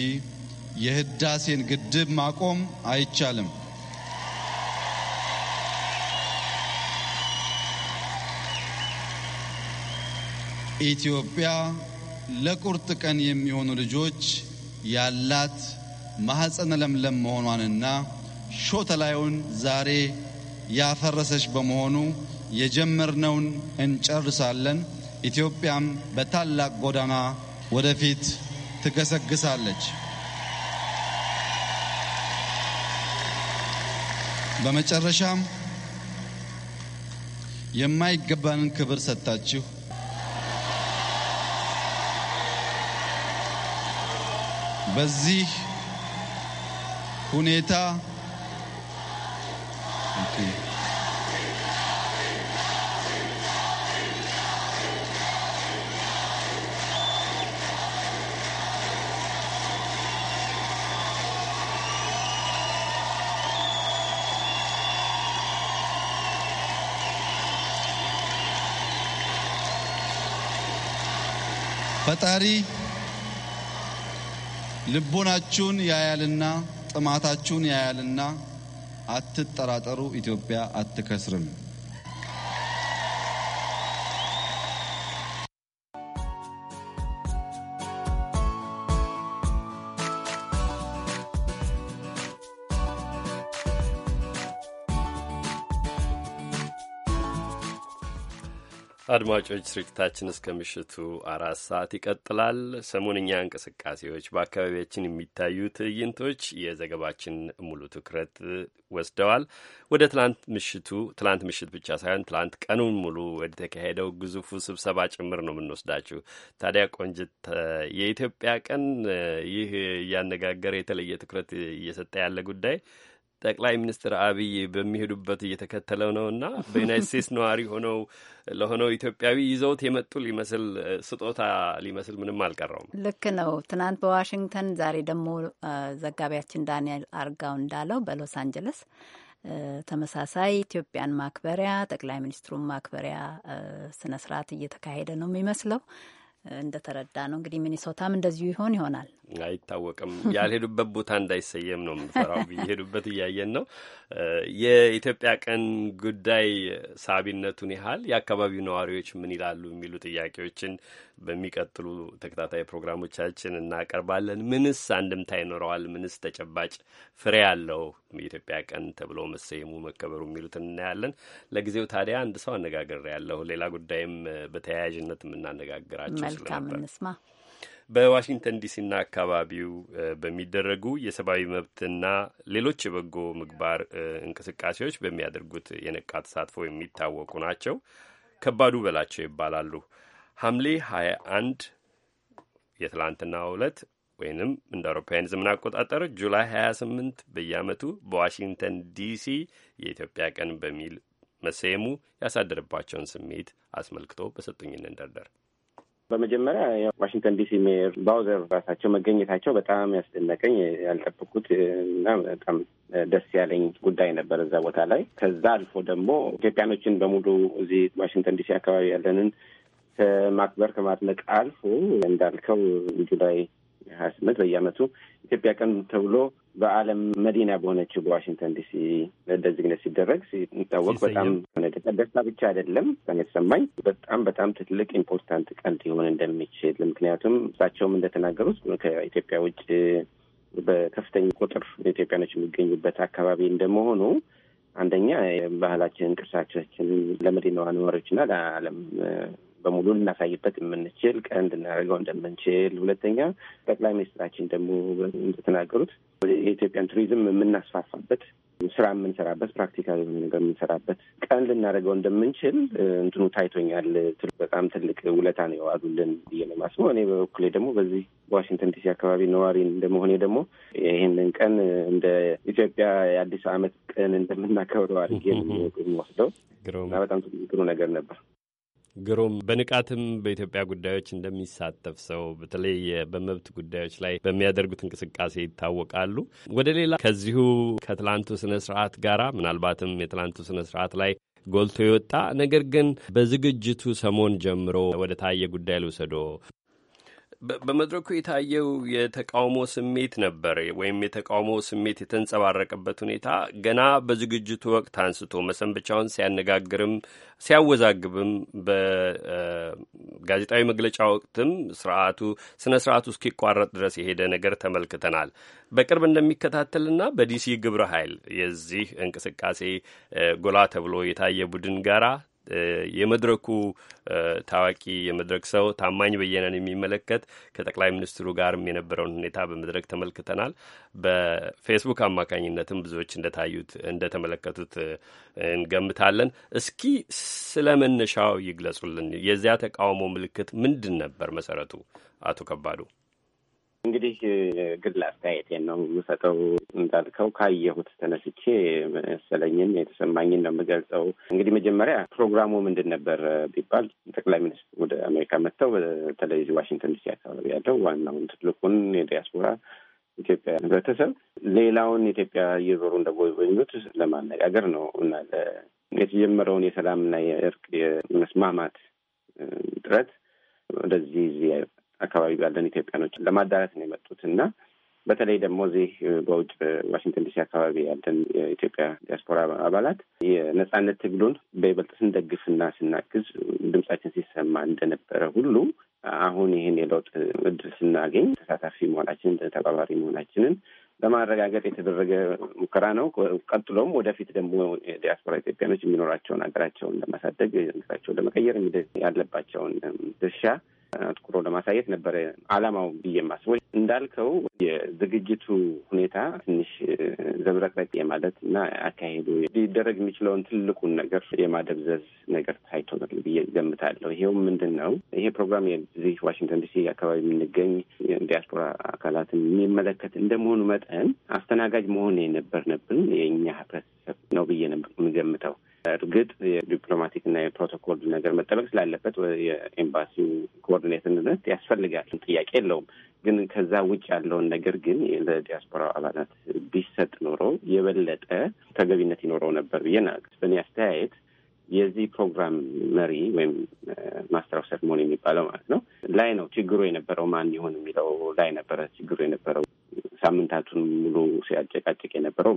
የህዳሴን ግድብ ማቆም አይቻልም። ኢትዮጵያ ለቁርጥ ቀን የሚሆኑ ልጆች ያላት ማኅፀነ ለምለም መሆኗንና ሾተ ዛሬ ያፈረሰች በመሆኑ የጀመርነውን እንጨርሳለን። ኢትዮጵያም በታላቅ ጎዳና ወደፊት ትገሰግሳለች። በመጨረሻም የማይገባንን ክብር ሰጥታችሁ በዚህ ሁኔታ ፈጣሪ ልቦናችሁን ያያልና ጥማታችሁን ያያልና አትጠራጠሩ፣ ኢትዮጵያ አትከስርም። አድማጮች ስርጭታችን እስከ ምሽቱ አራት ሰዓት ይቀጥላል። ሰሞንኛ እንቅስቃሴዎች፣ በአካባቢያችን የሚታዩ ትዕይንቶች የዘገባችን ሙሉ ትኩረት ወስደዋል። ወደ ትላንት ምሽቱ ትላንት ምሽት ብቻ ሳይሆን ትላንት ቀኑን ሙሉ ወደ ተካሄደው ግዙፉ ስብሰባ ጭምር ነው የምንወስዳችሁ። ታዲያ ቆንጅት፣ የኢትዮጵያ ቀን ይህ እያነጋገረ የተለየ ትኩረት እየሰጠ ያለ ጉዳይ ጠቅላይ ሚኒስትር አብይ በሚሄዱበት እየተከተለው ነውና በዩናይት ስቴትስ ነዋሪ ሆነው ለሆነው ኢትዮጵያዊ ይዘውት የመጡ ሊመስል ስጦታ ሊመስል ምንም አልቀረውም። ልክ ነው። ትናንት በዋሽንግተን ዛሬ ደግሞ ዘጋቢያችን ዳንኤል አርጋው እንዳለው በሎስ አንጀለስ ተመሳሳይ ኢትዮጵያን ማክበሪያ ጠቅላይ ሚኒስትሩን ማክበሪያ ስነስርዓት እየተካሄደ ነው የሚመስለው እንደተረዳ ነው። እንግዲህ ሚኒሶታም እንደዚሁ ይሆን ይሆናል። አይታወቅም። ያልሄዱበት ቦታ እንዳይሰየም ነው የምንፈራው። የሄዱበት እያየን ነው። የኢትዮጵያ ቀን ጉዳይ ሳቢነቱን ያህል የአካባቢው ነዋሪዎች ምን ይላሉ የሚሉ ጥያቄዎችን በሚቀጥሉ ተከታታይ ፕሮግራሞቻችን እናቀርባለን። ምንስ አንድምታ ይኖረዋል? ምንስ ተጨባጭ ፍሬ ያለው የኢትዮጵያ ቀን ተብሎ መሰየሙ መከበሩ የሚሉትን እናያለን። ለጊዜው ታዲያ አንድ ሰው አነጋገር ያለሁ ሌላ ጉዳይም በተያያዥነት የምናነጋግራቸው ስለነበር በዋሽንግተን ዲሲና አካባቢው በሚደረጉ የሰብአዊ መብትና ሌሎች የበጎ ምግባር እንቅስቃሴዎች በሚያደርጉት የነቃ ተሳትፎ የሚታወቁ ናቸው። ከባዱ በላቸው ይባላሉ። ሐምሌ 21 የትላንትና ዕለት ወይንም እንደ አውሮፓውያን ዘመን አቆጣጠር ጁላይ 28 በየዓመቱ በዋሽንግተን ዲሲ የኢትዮጵያ ቀን በሚል መሰየሙ ያሳደረባቸውን ስሜት አስመልክቶ በሰጡኝ እንደርደር በመጀመሪያ ዋሽንግተን ዲሲ ሜየር ባውዘር ራሳቸው መገኘታቸው በጣም ያስደነቀኝ ያልጠብኩት እና በጣም ደስ ያለኝ ጉዳይ ነበር እዛ ቦታ ላይ። ከዛ አልፎ ደግሞ ኢትዮጵያኖችን በሙሉ እዚህ ዋሽንግተን ዲሲ አካባቢ ያለንን ከማክበር ከማድነቅ አልፎ እንዳልከው ጁላይ ሀያ ስምንት በየአመቱ ኢትዮጵያ ቀን ተብሎ በዓለም መዲና በሆነችው በዋሽንግተን ዲሲ ዴዚግኔት ሲደረግ ሲታወቅ በጣም ሆነ ደስታ ብቻ አይደለም የተሰማኝ በጣም በጣም ትልቅ ኢምፖርታንት ቀን ሊሆን እንደሚችል ምክንያቱም እሳቸውም እንደተናገሩት ከኢትዮጵያ ውጭ በከፍተኛ ቁጥር ኢትዮጵያኖች የሚገኙበት አካባቢ እንደመሆኑ አንደኛ ባህላችንን፣ ቅርሳችን ለመዲናዋ ነዋሪዎችና ለዓለም በሙሉ ልናሳይበት የምንችል ቀን ልናደርገው እንደምንችል፣ ሁለተኛ ጠቅላይ ሚኒስትራችን ደግሞ እንደተናገሩት የኢትዮጵያን ቱሪዝም የምናስፋፋበት ስራ የምንሰራበት ፕራክቲካል ነገር የምንሰራበት ቀን ልናደርገው እንደምንችል እንትኑ ታይቶኛል። በጣም ትልቅ ውለታ ነው የዋሉልን ብዬ ነው የማስበው። እኔ በበኩሌ ደግሞ በዚህ በዋሽንግተን ዲሲ አካባቢ ነዋሪ እንደመሆኔ ደግሞ ይህንን ቀን እንደ ኢትዮጵያ የአዲስ ዓመት ቀን እንደምናከብረው አድርጌ ወስደው እና በጣም ጥሩ ነገር ነበር። ግሩም በንቃትም በኢትዮጵያ ጉዳዮች እንደሚሳተፍ ሰው በተለይ በመብት ጉዳዮች ላይ በሚያደርጉት እንቅስቃሴ ይታወቃሉ። ወደ ሌላ ከዚሁ ከትላንቱ ስነ ስርዓት ጋራ ምናልባትም የትላንቱ ስነ ስርዓት ላይ ጎልቶ የወጣ ነገር ግን በዝግጅቱ ሰሞን ጀምሮ ወደ ታየ ጉዳይ ልውሰዶ በመድረኩ የታየው የተቃውሞ ስሜት ነበር ወይም የተቃውሞ ስሜት የተንጸባረቀበት ሁኔታ ገና በዝግጅቱ ወቅት አንስቶ መሰንበቻውን ሲያነጋግርም ሲያወዛግብም በጋዜጣዊ መግለጫ ወቅትም ስርዓቱ ስነ ስርዓቱ እስኪቋረጥ ድረስ የሄደ ነገር ተመልክተናል። በቅርብ እንደሚከታተልና በዲሲ ግብረ ኃይል የዚህ እንቅስቃሴ ጎላ ተብሎ የታየ ቡድን ጋራ የመድረኩ ታዋቂ የመድረክ ሰው ታማኝ በየነን የሚመለከት ከጠቅላይ ሚኒስትሩ ጋርም የነበረውን ሁኔታ በመድረክ ተመልክተናል። በፌስቡክ አማካኝነትም ብዙዎች እንደታዩት እንደተመለከቱት እንገምታለን። እስኪ ስለ መነሻው ይግለጹልን። የዚያ ተቃውሞ ምልክት ምንድን ነበር መሰረቱ? አቶ ከባዱ እንግዲህ ግል አስተያየቴን ነው የምሰጠው። እንዳልከው ካየሁት ተነስቼ መሰለኝን የተሰማኝን ነው የምገልጸው። እንግዲህ መጀመሪያ ፕሮግራሙ ምንድን ነበር ቢባል ጠቅላይ ሚኒስትር ወደ አሜሪካ መጥተው በተለይ እዚህ ዋሽንግተን ዲሲ አካባቢ ያለው ዋናውን ትልቁን የዲያስፖራ ኢትዮጵያ ህብረተሰብ ሌላውን ኢትዮጵያ እየዞሩ እንደጎበኙት ለማነጋገር ነው እና የተጀመረውን የሰላምና የእርቅ የመስማማት ጥረት ወደዚህ እዚህ አካባቢ ያለን ኢትዮጵያኖች ለማዳረስ ነው የመጡት እና በተለይ ደግሞ እዚህ በውጭ በዋሽንግተን ዲሲ አካባቢ ያለን የኢትዮጵያ ዲያስፖራ አባላት የነጻነት ትግሉን በይበልጥ ስንደግፍና ስናግዝ ድምጻችን ሲሰማ እንደነበረ ሁሉ አሁን ይህን የለውጥ እድል ስናገኝ ተሳታፊ መሆናችንን ተባባሪ መሆናችንን ለማረጋገጥ የተደረገ ሙከራ ነው። ቀጥሎም ወደፊት ደግሞ የዲያስፖራ ኢትዮጵያኖች የሚኖራቸውን ሀገራቸውን ለማሳደግ ሀገራቸውን ለመቀየር ያለባቸውን ድርሻ አትኩሮ ለማሳየት ነበረ አላማው ብዬ የማስበው። እንዳልከው የዝግጅቱ ሁኔታ ትንሽ ዘብረቅረቅ የማለት እና አካሄዱ ሊደረግ የሚችለውን ትልቁን ነገር የማደብዘዝ ነገር ታይቶናል ብዬ ገምታለሁ። ይሄውም ምንድን ነው ይሄ ፕሮግራም የዚህ ዋሽንግተን ዲሲ አካባቢ የምንገኝ ዲያስፖራ አካላትን የሚመለከት እንደመሆኑ መጠን አስተናጋጅ መሆን የነበርንብን የእኛ ህብረተሰብ ነው ብዬ ነው የምገምተው። እርግጥ የዲፕሎማቲክና የፕሮቶኮል ነገር መጠበቅ ስላለበት የኤምባሲው ኮኦርዲኔትነት ያስፈልጋል፣ ጥያቄ የለውም። ግን ከዛ ውጭ ያለውን ነገር ግን ለዲያስፖራ አባላት ቢሰጥ ኖሮ የበለጠ ተገቢነት ይኖረው ነበር ብዬ ና በእኔ አስተያየት የዚህ ፕሮግራም መሪ ወይም ማስተር ኦፍ ሰርሞኒ የሚባለው ማለት ነው ላይ ነው ችግሩ የነበረው ማን ይሆን የሚለው ላይ ነበረ ችግሩ የነበረው ሳምንታቱን ሙሉ ሲያጨቃጭቅ የነበረው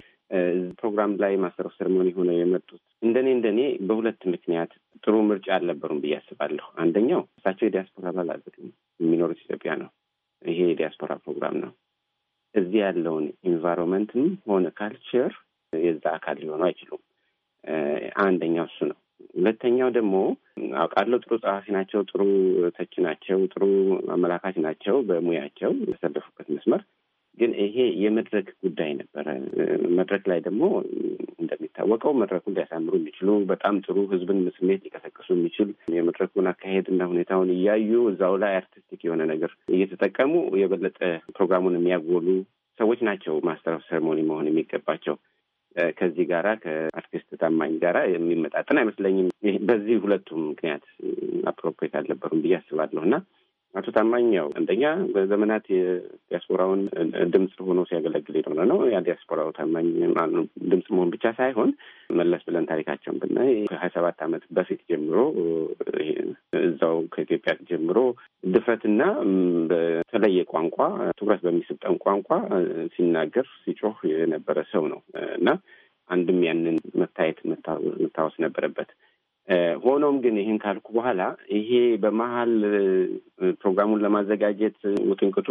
ፕሮግራም ላይ ማስተር ኦፍ ሰርሞኒ ሆነው የመጡት እንደኔ እንደኔ በሁለት ምክንያት ጥሩ ምርጫ አልነበሩም ብዬ አስባለሁ። አንደኛው እሳቸው የዲያስፖራ አባል አይደሉም፣ የሚኖሩት ኢትዮጵያ ነው። ይሄ የዲያስፖራ ፕሮግራም ነው። እዚህ ያለውን ኢንቫይሮንመንትም ሆነ ካልቸር የዛ አካል ሊሆኑ አይችሉም። አንደኛው እሱ ነው። ሁለተኛው ደግሞ አውቃለሁ ጥሩ ጸሐፊ ናቸው፣ ጥሩ ተች ናቸው፣ ጥሩ አመላካች ናቸው በሙያቸው የተሰለፉበት መስመር። ግን ይሄ የመድረክ ጉዳይ ነበረ። መድረክ ላይ ደግሞ እንደሚታወቀው መድረኩን ሊያሳምሩ የሚችሉ በጣም ጥሩ ህዝብን ስሜት ሊቀሰቅሱ የሚችል የመድረኩን አካሄድና ሁኔታውን እያዩ እዛው ላይ አርቲስቲክ የሆነ ነገር እየተጠቀሙ የበለጠ ፕሮግራሙን የሚያጎሉ ሰዎች ናቸው ማስተር ኦፍ መሆን የሚገባቸው። ከዚህ ጋራ ከአርቲስት ታማኝ ጋራ የሚመጣትን አይመስለኝም። በዚህ ሁለቱም ምክንያት አፕሮፕሬት አልነበሩም ብዬ አስባለሁ እና አቶ ታማኝ ያው አንደኛ በዘመናት የዲያስፖራውን ድምፅ ሆኖ ሲያገለግል የሆነ ነው። ያ ዲያስፖራው ታማኝ ድምፅ መሆን ብቻ ሳይሆን መለስ ብለን ታሪካቸውን ብናይ ከሀያ ሰባት ዓመት በፊት ጀምሮ እዛው ከኢትዮጵያ ጀምሮ ድፍረትና በተለየ ቋንቋ ትኩረት በሚሰጠን ቋንቋ ሲናገር ሲጮህ የነበረ ሰው ነው እና አንድም ያንን መታየት መታወስ ነበረበት። ሆኖም ግን ይህን ካልኩ በኋላ ይሄ በመሀል ፕሮግራሙን ለማዘጋጀት ውጥንቅጡ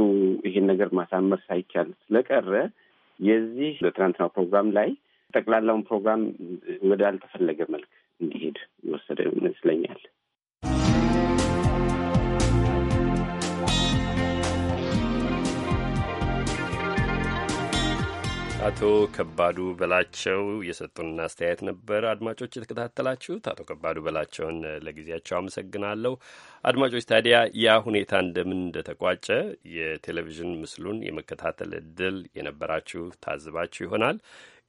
ይሄን ነገር ማሳመር ሳይቻል ስለቀረ የዚህ ለትናንትናው ፕሮግራም ላይ ጠቅላላውን ፕሮግራም ወዳልተፈለገ መልክ እንዲሄድ ወሰደ ይመስለኛል። አቶ ከባዱ በላቸው የሰጡንና አስተያየት ነበር አድማጮች የተከታተላችሁት። አቶ ከባዱ በላቸውን ለጊዜያቸው አመሰግናለሁ። አድማጮች ታዲያ ያ ሁኔታ እንደምን እንደተቋጨ የቴሌቪዥን ምስሉን የመከታተል እድል የነበራችሁ ታዝባችሁ ይሆናል።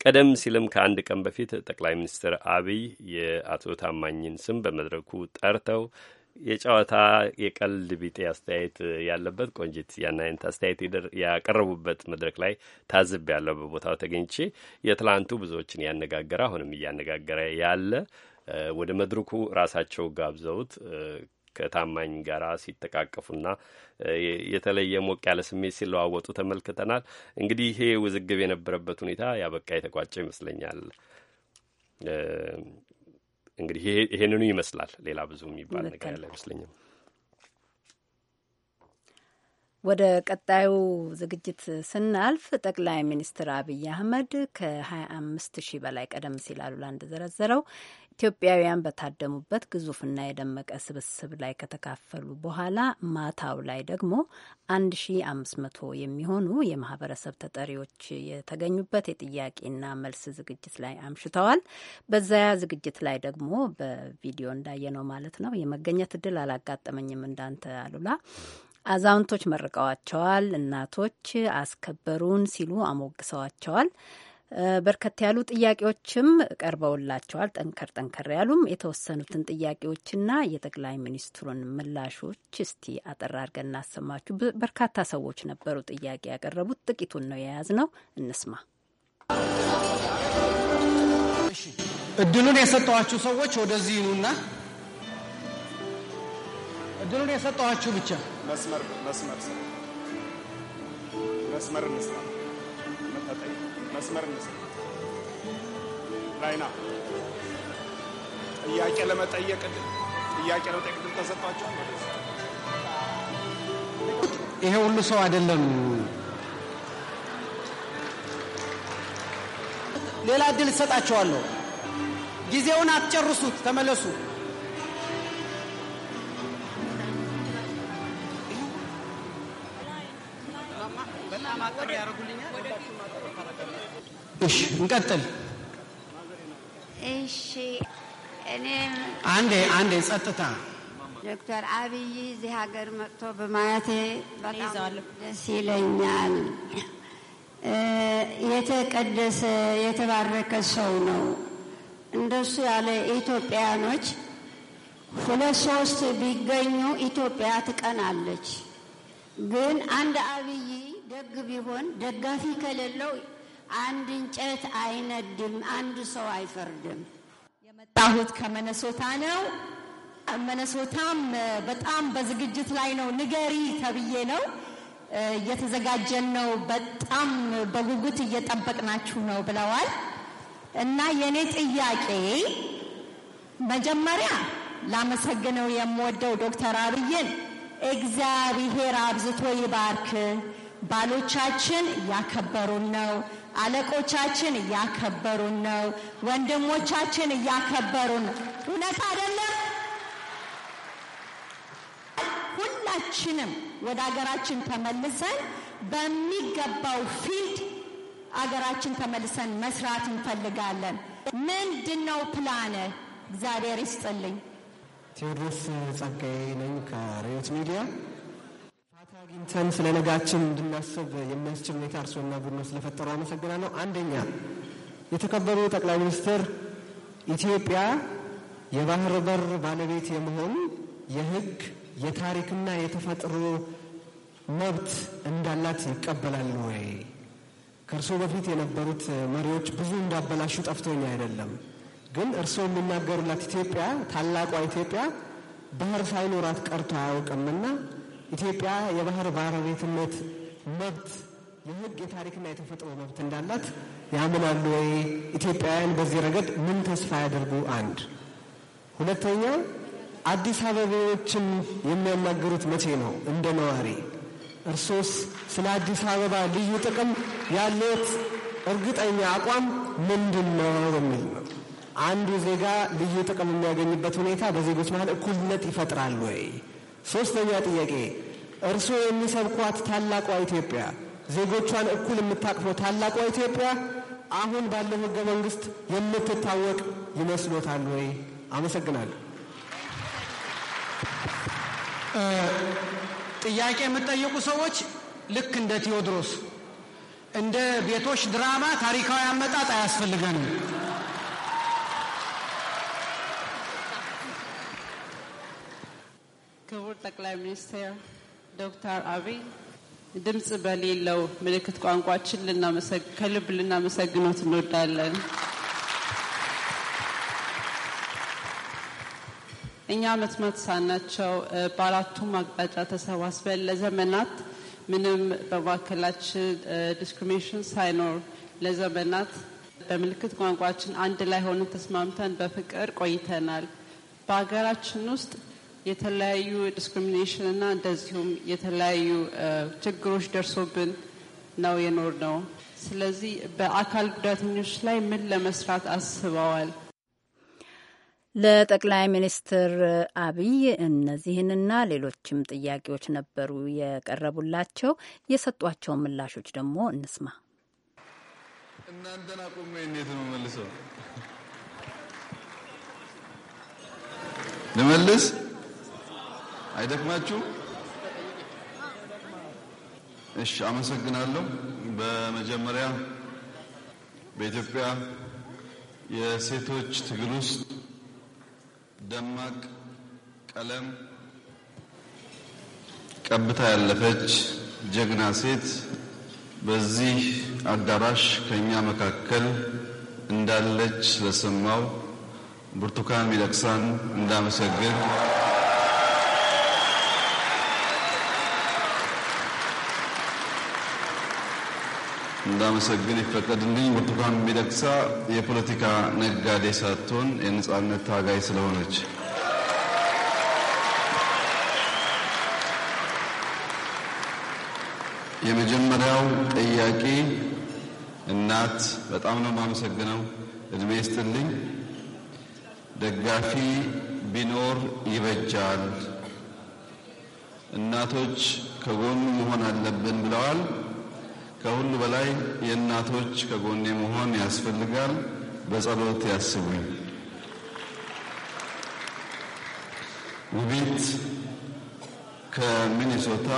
ቀደም ሲልም ከአንድ ቀን በፊት ጠቅላይ ሚኒስትር አብይ የአቶ ታማኝን ስም በመድረኩ ጠርተው የጨዋታ የቀልድ ቢጤ አስተያየት ያለበት ቆንጂት ያን አይነት አስተያየት ያቀረቡበት መድረክ ላይ ታዝብ ያለው በቦታው ተገኝቼ የትላንቱ ብዙዎችን ያነጋገረ አሁንም እያነጋገረ ያለ ወደ መድረኩ ራሳቸው ጋብዘውት ከታማኝ ጋራ ሲጠቃቀፉና የተለየ ሞቅ ያለ ስሜት ሲለዋወጡ ተመልክተናል። እንግዲህ ይሄ ውዝግብ የነበረበት ሁኔታ ያበቃ የተቋጨ ይመስለኛል። እንግዲህ ይሄንኑ ይመስላል። ሌላ ብዙ የሚባል ነገር ያለ አይመስለኝም። ወደ ቀጣዩ ዝግጅት ስናልፍ ጠቅላይ ሚኒስትር አብይ አህመድ ከ25 ሺህ በላይ ቀደም ሲል አሉላ እንደዘረዘረው ኢትዮጵያውያን በታደሙበት ግዙፍና የደመቀ ስብስብ ላይ ከተካፈሉ በኋላ ማታው ላይ ደግሞ 1500 የሚሆኑ የማህበረሰብ ተጠሪዎች የተገኙበት የጥያቄና መልስ ዝግጅት ላይ አምሽተዋል። በዛያ ዝግጅት ላይ ደግሞ በቪዲዮ እንዳየነው ማለት ነው የመገኘት እድል አላጋጠመኝም እንዳንተ አሉላ አዛውንቶች መርቀዋቸዋል፣ እናቶች አስከበሩን ሲሉ አሞግሰዋቸዋል። በርከት ያሉ ጥያቄዎችም ቀርበውላቸዋል። ጠንከር ጠንከር ያሉም የተወሰኑትን ጥያቄዎችና የጠቅላይ ሚኒስትሩን ምላሾች እስቲ አጠር አድርገን እናሰማችሁ። በርካታ ሰዎች ነበሩ ጥያቄ ያቀረቡት። ጥቂቱን ነው የያዝነው፣ እንስማ። እድሉን የሰጠኋችሁ ሰዎች ወደዚህ ይኑና፣ እድሉን የሰጠኋችሁ ብቻ መስመር መስመር ስራ መስመር እንስራ መታጠይ መስመር እንስራ ላይና ጥያቄ ለመጠየቅ ጥያቄ ለመጠየቅ ድል ተሰጥቷቸዋል። ይሄ ሁሉ ሰው አይደለም። ሌላ እድል እሰጣቸዋለሁ። ጊዜውን አትጨርሱት። ተመለሱ። እሺ እንቀጥል። እሺ እኔ አንዴ አንዴ ጸጥታ ዶክተር አብይ እዚህ ሀገር መጥቶ በማየቴ በጣም ደስ ይለኛል። የተቀደሰ የተባረከ ሰው ነው። እንደሱ ያለ ኢትዮጵያኖች ሁለት ሶስት ቢገኙ ኢትዮጵያ ትቀናለች። ግን አንድ አብይ ደግ ቢሆን ደጋፊ ከሌለው አንድ እንጨት አይነድም፣ አንድ ሰው አይፈርድም። የመጣሁት ከመነሶታ ነው። መነሶታም በጣም በዝግጅት ላይ ነው። ንገሪ ተብዬ ነው እየተዘጋጀን ነው። በጣም በጉጉት እየጠበቅናችሁ ነው ብለዋል እና የእኔ ጥያቄ መጀመሪያ ላመሰግነው የምወደው ዶክተር አብይን እግዚአብሔር አብዝቶ ይባርክ። ባሎቻችን እያከበሩን ነው። አለቆቻችን እያከበሩን ነው። ወንድሞቻችን እያከበሩን ነው። እውነት አይደለም? ሁላችንም ወደ አገራችን ተመልሰን በሚገባው ፊልድ አገራችን ተመልሰን መስራት እንፈልጋለን። ምንድን ነው እግዚአብሔር ይስጥልኝ። ቴዎድሮስ ጸጋዬ ነኝ ከሬዮት ሚዲያ አግኝተን ስለ ነጋችን እንድናስብ የሚያስችል ሁኔታ እርስዎና ቡድኖ ስለፈጠሩ አመሰግናለሁ። አንደኛ የተከበሩ ጠቅላይ ሚኒስትር ኢትዮጵያ የባህር በር ባለቤት የመሆን የህግ የታሪክና የተፈጥሮ መብት እንዳላት ይቀበላሉ ወይ? ከእርስዎ በፊት የነበሩት መሪዎች ብዙ እንዳበላሹ ጠፍቶኝ አይደለም፣ ግን እርስዎ የሚናገሩላት ኢትዮጵያ ታላቋ ኢትዮጵያ ባህር ሳይኖራት ቀርቶ አያውቅምና ኢትዮጵያ የባህር ባለቤትነት መብት የህግ የታሪክና የተፈጥሮ መብት እንዳላት ያምናሉ ወይ? ኢትዮጵያውያን በዚህ ረገድ ምን ተስፋ ያደርጉ? አንድ ሁለተኛ፣ አዲስ አበባዎችን የሚያናገሩት መቼ ነው? እንደ ነዋሪ እርሶስ ስለ አዲስ አበባ ልዩ ጥቅም ያለት እርግጠኛ አቋም ምንድን ነው የሚል ነው። አንዱ ዜጋ ልዩ ጥቅም የሚያገኝበት ሁኔታ በዜጎች መሀል እኩልነት ይፈጥራል ወይ? ሶስተኛ ጥያቄ እርስዎ የሚሰብኳት ታላቋ ኢትዮጵያ ዜጎቿን እኩል የምታቅፈው ታላቋ ኢትዮጵያ አሁን ባለው ህገ መንግስት የምትታወቅ ይመስሎታል ወይ? አመሰግናለሁ። ጥያቄ የምጠየቁ ሰዎች ልክ እንደ ቴዎድሮስ እንደ ቤቶች ድራማ ታሪካዊ አመጣጥ አያስፈልገንም። ጠቅላይ ሚኒስትር ዶክተር አብይ ድምፅ በሌለው ምልክት ቋንቋችን ከልብ ልናመሰግኖት እንወዳለን። እኛ መስማት ሳናቸው በአራቱም አቅጣጫ ተሰባስበን ለዘመናት ምንም በማዕከላችን ዲስክሪሚኔሽን ሳይኖር ለዘመናት በምልክት ቋንቋችን አንድ ላይ ሆነን ተስማምተን በፍቅር ቆይተናል። በሀገራችን ውስጥ የተለያዩ ዲስክሪሚኔሽን እና እንደዚሁም የተለያዩ ችግሮች ደርሶብን ነው የኖር ነው። ስለዚህ በአካል ጉዳተኞች ላይ ምን ለመስራት አስበዋል? ለጠቅላይ ሚኒስትር አብይ እነዚህንና ሌሎችም ጥያቄዎች ነበሩ የቀረቡላቸው። የሰጧቸውን ምላሾች ደግሞ እንስማ። እናንተን አቁሜ እንዴት ነው መልሰው ልመልስ አይደክማችሁ? እሺ፣ አመሰግናለሁ። በመጀመሪያ በኢትዮጵያ የሴቶች ትግል ውስጥ ደማቅ ቀለም ቀብታ ያለፈች ጀግና ሴት በዚህ አዳራሽ ከኛ መካከል እንዳለች ስለሰማው ብርቱካን ሚደቅሳን እንዳመሰግን እንዳመሰግን ይፈቀድልኝ። ብርቱካን ሚደቅሳ የፖለቲካ ነጋዴ ሳትሆን የነጻነት ታጋይ ስለሆነች የመጀመሪያው ጥያቄ እናት በጣም ነው የማመሰግነው። እድሜ ይስጥልኝ። ደጋፊ ቢኖር ይበጃል፣ እናቶች ከጎኑ መሆን አለብን ብለዋል። ከሁሉ በላይ የእናቶች ከጎኔ መሆን ያስፈልጋል። በጸሎት ያስቡኝ። ውቢት ከሚኒሶታ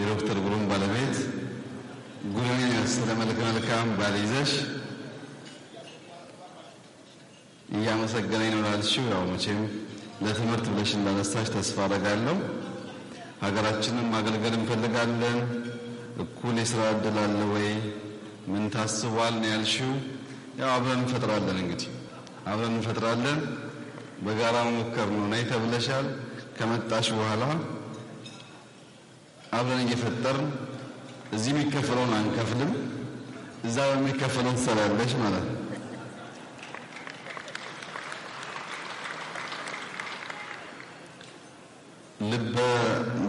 የዶክተር ጉሩም ባለቤት ጉሩም የመሰለ መልክ መልካም ባል ይዘሽ እያመሰገነ ይኖራልሽው። ያው መቼም ለትምህርት ብለሽ እንዳነሳሽ ተስፋ አደርጋለሁ። ሀገራችንም ማገልገል እንፈልጋለን። እኩል የስራ እድል አለ ወይ? ምን ታስቧል ነው ያልሽው? ያው አብረን እንፈጥራለን እንግዲህ አብረን እንፈጥራለን። በጋራ መሞከር ነው። ነይ ተብለሻል። ከመጣሽ በኋላ አብረን እየፈጠርን እዚህ የሚከፈለውን አንከፍልም፣ እዛ በሚከፈለው ትሰራለሽ ማለት ነው። ልበ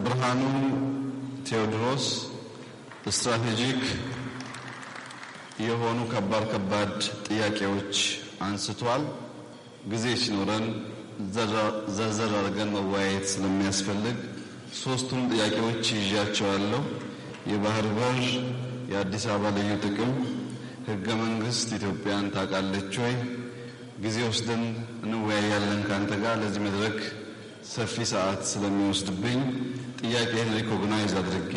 ብርሃኑ ቴዎድሮስ ስትራቴጂክ የሆኑ ከባድ ከባድ ጥያቄዎች አንስቷል። ጊዜ ሲኖረን ዘርዘር አድርገን መወያየት ስለሚያስፈልግ ሶስቱም ጥያቄዎች ይዣቸዋለሁ። የባህር በር፣ የአዲስ አበባ ልዩ ጥቅም፣ ህገ መንግስት ኢትዮጵያን ታውቃለች ወይ? ጊዜ ወስደን እንወያያለን ከአንተ ጋር። ለዚህ መድረክ ሰፊ ሰዓት ስለሚወስድብኝ ጥያቄህን ሪኮግናይዝ አድርጌ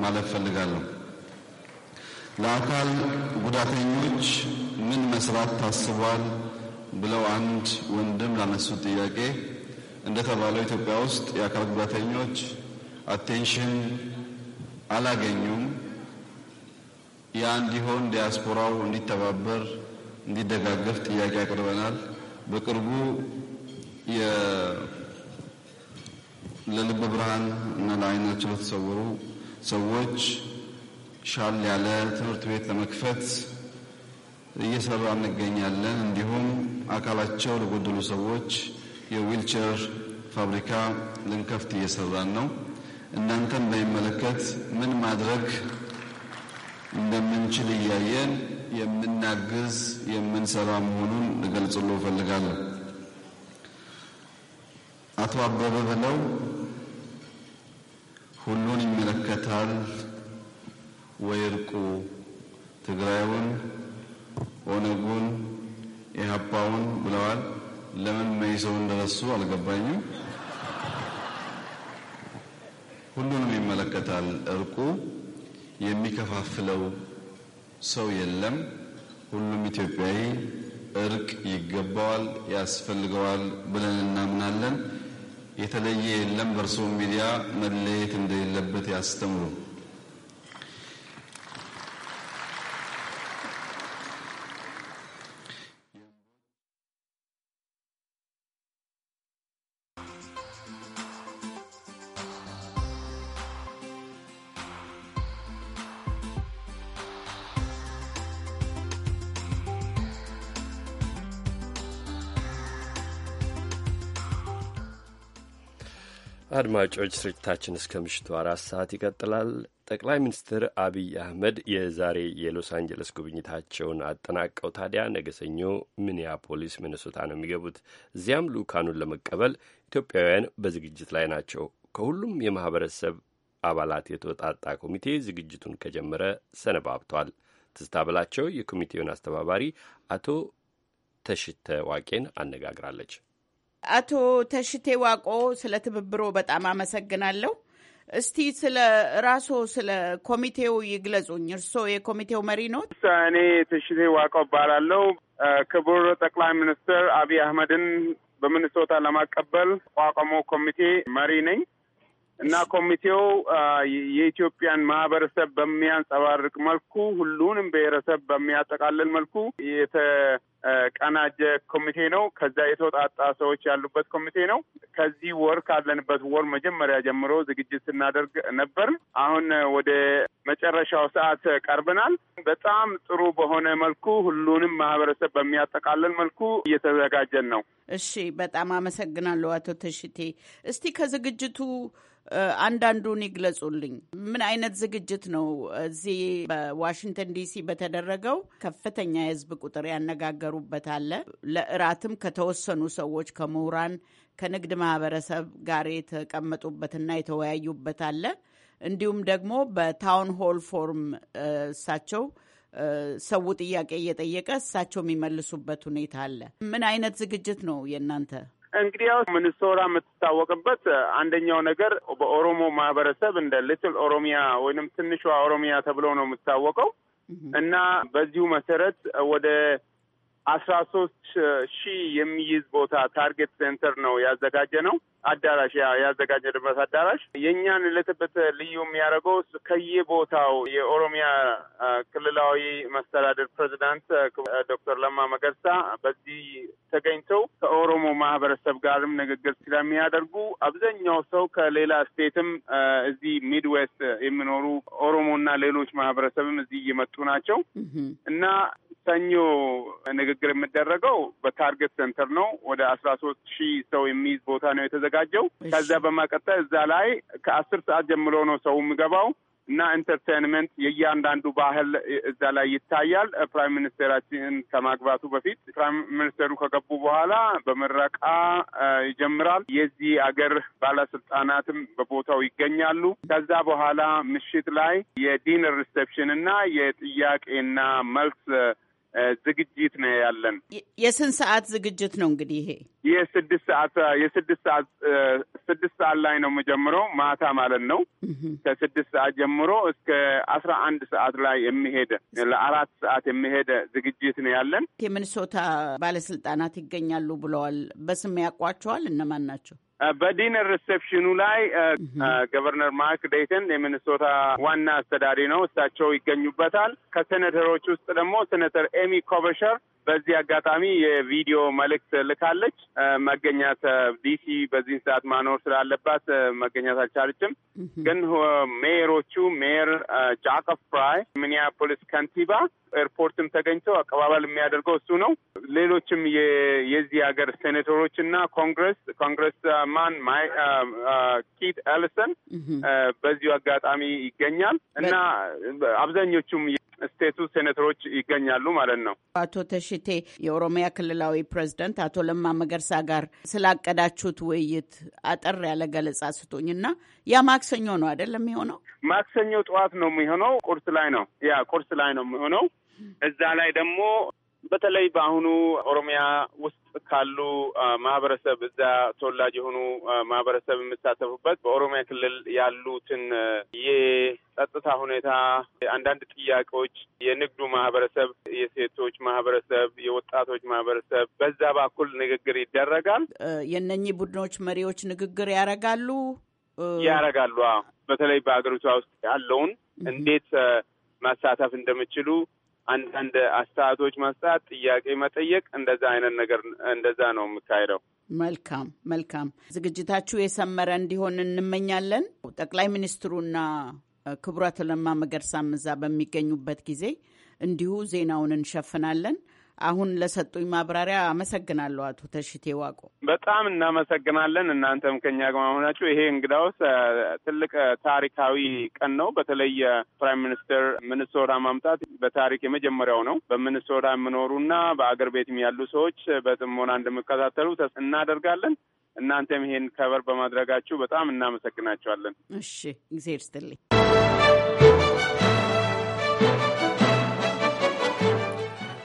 ማለት ፈልጋለሁ። ለአካል ጉዳተኞች ምን መስራት ታስቧል ብለው አንድ ወንድም ላነሱት ጥያቄ እንደተባለው ኢትዮጵያ ውስጥ የአካል ጉዳተኞች አቴንሽን አላገኙም። ያ እንዲሆን ዲያስፖራው እንዲተባበር፣ እንዲደጋገፍ ጥያቄ አቅርበናል። በቅርቡ ለልብ ብርሃን እና ለአይናቸው ለተሰወሩ ሰዎች ሻል ያለ ትምህርት ቤት ለመክፈት እየሰራ እንገኛለን። እንዲሁም አካላቸው ለጎደሉ ሰዎች የዊልቸር ፋብሪካ ልንከፍት እየሰራን ነው። እናንተን በሚመለከት ምን ማድረግ እንደምንችል እያየን የምናግዝ የምንሰራ መሆኑን ልገልጽሎ እፈልጋለሁ። አቶ አበበ በለው ሁሉን ይመለከታል ወይርቁ ትግራይውን፣ ኦነጉን፣ ኢህአፓውን ብለዋል። ለምን መይሰው እንደረሱ አልገባኝም። ሁሉንም ይመለከታል እርቁ። የሚከፋፍለው ሰው የለም። ሁሉም ኢትዮጵያዊ እርቅ ይገባዋል፣ ያስፈልገዋል ብለን እናምናለን። የተለየ የለም። በእርስዎም ሚዲያ መለየት እንደሌለበት ያስተምሩ። አድማጮች ስርጭታችን እስከ ምሽቱ አራት ሰዓት ይቀጥላል። ጠቅላይ ሚኒስትር አብይ አህመድ የዛሬ የሎስ አንጀለስ ጉብኝታቸውን አጠናቀው ታዲያ ነገ ሰኞ ሚኒያፖሊስ ሚኒሶታ ነው የሚገቡት። እዚያም ልዑካኑን ለመቀበል ኢትዮጵያውያን በዝግጅት ላይ ናቸው። ከሁሉም የማህበረሰብ አባላት የተወጣጣ ኮሚቴ ዝግጅቱን ከጀመረ ሰነባብቷል። ትዝታ ብላቸው የኮሚቴውን አስተባባሪ አቶ ተሽተ ዋቄን አነጋግራለች። አቶ ተሽቴ ዋቆ ስለ ትብብሮ በጣም አመሰግናለሁ። እስቲ ስለ ራስዎ ስለ ኮሚቴው ይግለጹኝ። እርስዎ የኮሚቴው መሪ ነው? እኔ ተሽቴ ዋቆ እባላለሁ። ክቡር ጠቅላይ ሚኒስትር አብይ አህመድን በሚኒሶታ ለማቀበል ቋቋሞ ኮሚቴ መሪ ነኝ እና ኮሚቴው የኢትዮጵያን ማህበረሰብ በሚያንጸባርቅ መልኩ ሁሉንም ብሔረሰብ በሚያጠቃልል መልኩ ቀናጀ ኮሚቴ ነው። ከዛ የተወጣጣ ሰዎች ያሉበት ኮሚቴ ነው። ከዚህ ወር ካለንበት ወር መጀመሪያ ጀምሮ ዝግጅት ስናደርግ ነበር። አሁን ወደ መጨረሻው ሰዓት ቀርበናል። በጣም ጥሩ በሆነ መልኩ ሁሉንም ማህበረሰብ በሚያጠቃልል መልኩ እየተዘጋጀን ነው። እሺ፣ በጣም አመሰግናለሁ አቶ ተሽቴ። እስቲ ከዝግጅቱ አንዳንዱን ይግለጹልኝ። ምን አይነት ዝግጅት ነው? እዚህ በዋሽንግተን ዲሲ በተደረገው ከፍተኛ የህዝብ ቁጥር ያነጋገሩ የሚሰሩበት አለ። ለእራትም ከተወሰኑ ሰዎች ከምሁራን፣ ከንግድ ማህበረሰብ ጋር የተቀመጡበትና የተወያዩበት አለ። እንዲሁም ደግሞ በታውን ሆል ፎርም እሳቸው ሰው ጥያቄ እየጠየቀ እሳቸው የሚመልሱበት ሁኔታ አለ። ምን አይነት ዝግጅት ነው የእናንተ? እንግዲህ ያው ምንሶራ የምትታወቅበት አንደኛው ነገር በኦሮሞ ማህበረሰብ እንደ ሊትል ኦሮሚያ ወይንም ትንሿ ኦሮሚያ ተብሎ ነው የምትታወቀው እና በዚሁ መሰረት ወደ አስራ ሶስት ሺህ የሚይዝ ቦታ ታርጌት ሴንተር ነው ያዘጋጀ ነው። አዳራሽ ያዘጋጀንበት አዳራሽ የእኛን ለትበት ልዩ የሚያደርገው ከየቦታው የኦሮሚያ ክልላዊ መስተዳድር ፕሬዚዳንት ዶክተር ለማ መገርሳ በዚህ ተገኝተው ከኦሮሞ ማህበረሰብ ጋርም ንግግር ስለሚያደርጉ አብዛኛው ሰው ከሌላ ስቴትም እዚህ ሚድዌስት የሚኖሩ ኦሮሞና ሌሎች ማህበረሰብም እዚህ እየመጡ ናቸው እና ሰኞ ንግግር የሚደረገው በታርጌት ሴንተር ነው። ወደ አስራ ሶስት ሺህ ሰው የሚይዝ ቦታ ነው የተዘ የሚዘጋጀው። ከዚያ በመቀጠል እዛ ላይ ከአስር ሰዓት ጀምሮ ነው ሰው የሚገባው እና ኢንተርቴንመንት የእያንዳንዱ ባህል እዛ ላይ ይታያል። ፕራይም ሚኒስቴራችን ከማግባቱ በፊት ፕራይም ሚኒስቴሩ ከገቡ በኋላ በምረቃ ይጀምራል። የዚህ አገር ባለስልጣናትም በቦታው ይገኛሉ። ከዛ በኋላ ምሽት ላይ የዲነር ሪሴፕሽን እና የጥያቄና መልስ ዝግጅት ነው ያለን። የስንት ሰዓት ዝግጅት ነው እንግዲህ ይሄ? ስድስት ሰዓት የስድስት ሰዓት ስድስት ሰዓት ላይ ነው የምጀምረው ማታ ማለት ነው። ከስድስት ሰዓት ጀምሮ እስከ አስራ አንድ ሰዓት ላይ የሚሄደ ለአራት ሰዓት የሚሄደ ዝግጅት ነው ያለን። የሚኒሶታ ባለስልጣናት ይገኛሉ ብለዋል። በስም ያውቋቸዋል? እነማን ናቸው? Uh, በዲነር ሪሴፕሽኑ ላይ ገቨርነር uh, ማርክ uh, ዴይተን የሚኒሶታ ዋና አስተዳሪ ነው፣ እሳቸው ይገኙበታል። ከሴኔተሮች ውስጥ ደግሞ ሴኔተር ኤሚ ኮበሸር በዚህ አጋጣሚ የቪዲዮ መልእክት ልካለች። መገኘት ዲሲ በዚህን ሰዓት ማኖር ስላለባት መገኘት አልቻለችም። ግን ሜየሮቹ ሜየር ጃከብ ፍራይ፣ ሚኒያፖሊስ ከንቲባ ኤርፖርትም ተገኝተው አቀባበል የሚያደርገው እሱ ነው። ሌሎችም የዚህ ሀገር ሴኔተሮች እና ኮንግረስ ኮንግረስ ማን ኪት ኤልሰን በዚሁ አጋጣሚ ይገኛል እና አብዛኞቹም ስቴቱ ሴኔተሮች ይገኛሉ ማለት ነው። አቶ ተሽቴ የኦሮሚያ ክልላዊ ፕሬዚደንት አቶ ለማ መገርሳ ጋር ስላቀዳችሁት ውይይት አጠር ያለ ገለጻ ስቶኝ እና ያ ማክሰኞ ነው አይደለም የሚሆነው? ማክሰኞ ጠዋት ነው የሚሆነው። ቁርስ ላይ ነው ያ ቁርስ ላይ ነው የሚሆነው። እዛ ላይ ደግሞ በተለይ በአሁኑ ኦሮሚያ ውስጥ ካሉ ማህበረሰብ እዛ ተወላጅ የሆኑ ማህበረሰብ የምሳተፉበት በኦሮሚያ ክልል ያሉትን የጸጥታ ሁኔታ፣ አንዳንድ ጥያቄዎች፣ የንግዱ ማህበረሰብ፣ የሴቶች ማህበረሰብ፣ የወጣቶች ማህበረሰብ በዛ በኩል ንግግር ይደረጋል። የእነኚህ ቡድኖች መሪዎች ንግግር ያረጋሉ ያረጋሉ። በተለይ በሀገሪቷ ውስጥ ያለውን እንዴት ማሳተፍ እንደምችሉ? አንዳንድ አስተያየቶች መስጠት፣ ጥያቄ መጠየቅ፣ እንደዛ አይነት ነገር እንደዛ ነው የሚካሄደው። መልካም መልካም። ዝግጅታችሁ የሰመረ እንዲሆን እንመኛለን። ጠቅላይ ሚኒስትሩና ክቡራት ለማ መገርሳም እዛ በሚገኙበት ጊዜ እንዲሁ ዜናውን እንሸፍናለን። አሁን ለሰጡኝ ማብራሪያ አመሰግናለሁ። አቶ ተሽቴ ዋቆ በጣም እናመሰግናለን። እናንተም ከኛ ጋር መሆናችሁ ይሄ እንግዳውስ ትልቅ ታሪካዊ ቀን ነው። በተለይ ፕራይም ሚኒስትር ሚኒሶታ ማምጣት በታሪክ የመጀመሪያው ነው። በሚኒሶታ የምኖሩና በአገር ቤትም ያሉ ሰዎች በጥሞና እንደሚከታተሉ እናደርጋለን። እናንተም ይሄን ከበር በማድረጋችሁ በጣም እናመሰግናቸዋለን። እሺ፣ ጊዜ ይርስጥልኝ።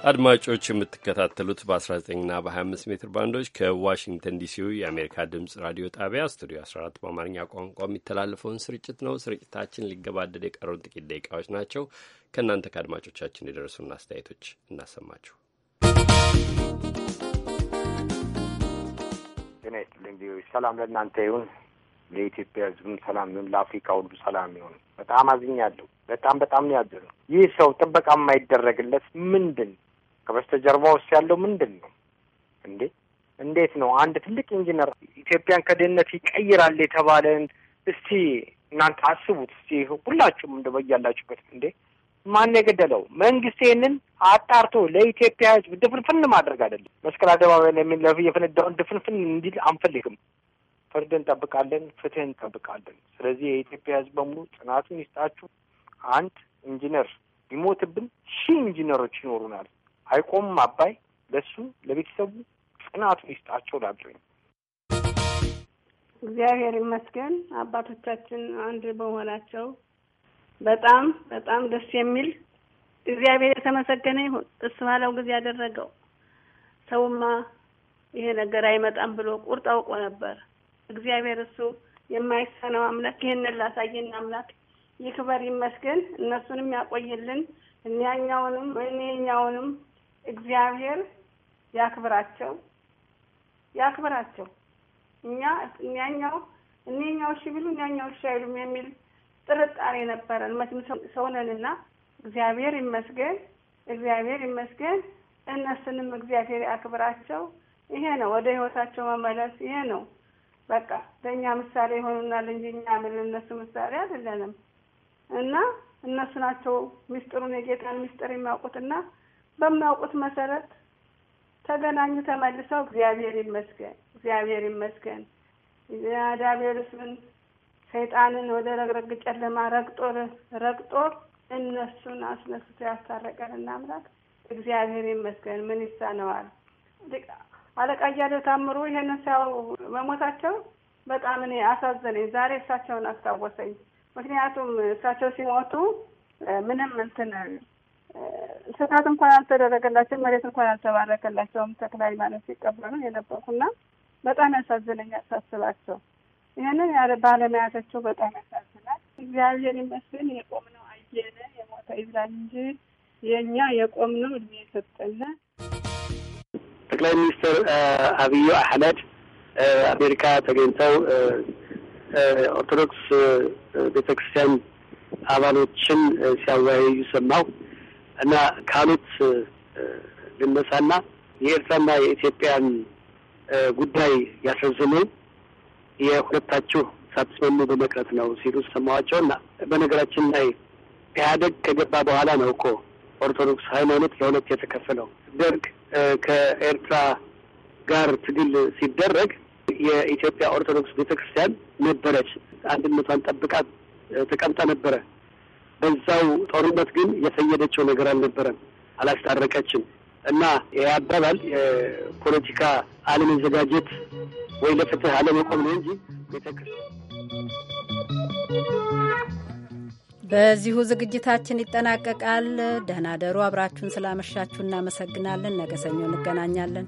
አድማጮች የምትከታተሉት በ19ና በ25 ሜትር ባንዶች ከዋሽንግተን ዲሲው የአሜሪካ ድምፅ ራዲዮ ጣቢያ ስቱዲዮ 14 በአማርኛ ቋንቋ የሚተላለፈውን ስርጭት ነው። ስርጭታችን ሊገባደድ የቀሩን ጥቂት ደቂቃዎች ናቸው። ከእናንተ ከአድማጮቻችን የደረሱን አስተያየቶች እናሰማችሁ። ሰላም ለእናንተ ይሁን፣ ለኢትዮጵያ ሕዝብም ሰላም ይሁን፣ ለአፍሪካ ሁሉ ሰላም ይሁን። በጣም አዝኛለሁ። በጣም በጣም ነው ያዘነው። ይህ ሰው ጥበቃ የማይደረግለት ምንድን ከበስተጀርባ ውስጥ ያለው ምንድን ነው እንዴ? እንዴት ነው አንድ ትልቅ ኢንጂነር ኢትዮጵያን ከድህነት ይቀይራል የተባለን እስቲ እናንተ አስቡት እስቲ ሁላችሁም እንደበያላችሁበት እንዴ ማን የገደለው መንግስት ይህንን አጣርቶ ለኢትዮጵያ ህዝብ ድፍንፍን ማድረግ አይደለም መስቀል አደባባይ ላይ የፈነዳውን ድፍንፍን እንዲል አንፈልግም ፍርድ እንጠብቃለን ፍትህ እንጠብቃለን ስለዚህ የኢትዮጵያ ህዝብ በሙሉ ጽናቱን ይስጣችሁ አንድ ኢንጂነር ቢሞትብን ሺህ ኢንጂነሮች ይኖሩናል አይቆምም። አባይ ለሱ ለቤተሰቡ ጽናቱን ይስጣቸው። ላብቶኝ እግዚአብሔር ይመስገን አባቶቻችን አንድ በመሆናቸው በጣም በጣም ደስ የሚል እግዚአብሔር የተመሰገነ ይሁን። እስ ባለው ጊዜ ያደረገው ሰውማ ይሄ ነገር አይመጣም ብሎ ቁርጥ አውቆ ነበር። እግዚአብሔር እሱ የማይሰነው አምላክ ይህንን ላሳየን አምላክ ይክበር ይመስገን። እነሱንም ያቆይልን እኒያኛውንም እኔኛውንም እግዚአብሔር ያክብራቸው ያክብራቸው። እኛ እኛኛው እኔኛው እሺ ቢሉ እኛኛው እሺ አይሉም የሚል ጥርጣሬ ነበረን። መቼም ነንና እግዚአብሔር ይመስገን እግዚአብሔር ይመስገን። እነሱንም እግዚአብሔር ያክብራቸው። ይሄ ነው ወደ ህይወታቸው መመለስ። ይሄ ነው በቃ ለእኛ ምሳሌ ይሆኑናል እንጂ እኛ ምን እነሱ ምሳሌ አይደለንም። እና እነሱ ናቸው ሚስጥሩን የጌታን ሚስጥር የሚያውቁትና በማያውቁት መሰረት ተገናኙ፣ ተመልሰው እግዚአብሔር ይመስገን እግዚአብሔር ይመስገን ዲያብሎስን ሰይጣንን ወደ ረግረግ ጨለማ ረግጦ ረግጦ እነሱን አስነስቶ ያስታረቀን አምላክ እግዚአብሔር ይመስገን። ምን ይሳነዋል? አለቃ እያለው ታምሮ ይሄንን ሲያው መሞታቸው በጣም እኔ አሳዘነኝ። ዛሬ እሳቸውን አስታወሰኝ። ምክንያቱም እሳቸው ሲሞቱ ምንም እንትን ስርዓት እንኳን አልተደረገላቸውም። መሬት እንኳን አልተባረከላቸውም። ተክላይ ማለት ሲቀበሉ የነበርኩና በጣም ያሳዝነኝ ሳስባቸው። ይህንን ባለሙያታቸው በጣም ያሳዝናል። እግዚአብሔር ይመስገን የቆምነው አየነ የሞተ ይብላል እንጂ የእኛ የቆምነው እድሜ የሰጠነ ጠቅላይ ሚኒስትር አብይ አህመድ አሜሪካ ተገኝተው ኦርቶዶክስ ቤተክርስቲያን አባሎችን ሲያወያዩ ሰማሁ። እና ካሉት ልነሳና የኤርትራና የኢትዮጵያን ጉዳይ ያስረዘመው የሁለታችሁ ሳትስማሙ በመቅረት ነው ሲሉ ሰማኋቸው። እና በነገራችን ላይ ኢህአደግ ከገባ በኋላ ነው እኮ ኦርቶዶክስ ሃይማኖት ለሁለት የተከፈለው። ደርግ ከኤርትራ ጋር ትግል ሲደረግ የኢትዮጵያ ኦርቶዶክስ ቤተክርስቲያን ነበረች፣ አንድነቷን ጠብቃ ተቀምጣ ነበረ። በዛው ጦርነት ግን የፈየደችው ነገር አልነበረም፣ አላስታረቀችም። እና ይህ አባባል የፖለቲካ አለመዘጋጀት ወይ ለፍትህ አለመቆም ነው እንጂ በዚሁ ዝግጅታችን ይጠናቀቃል። ደህና ደሩ። አብራችሁን ስላመሻችሁ እናመሰግናለን። ነገ ሰኞ እንገናኛለን።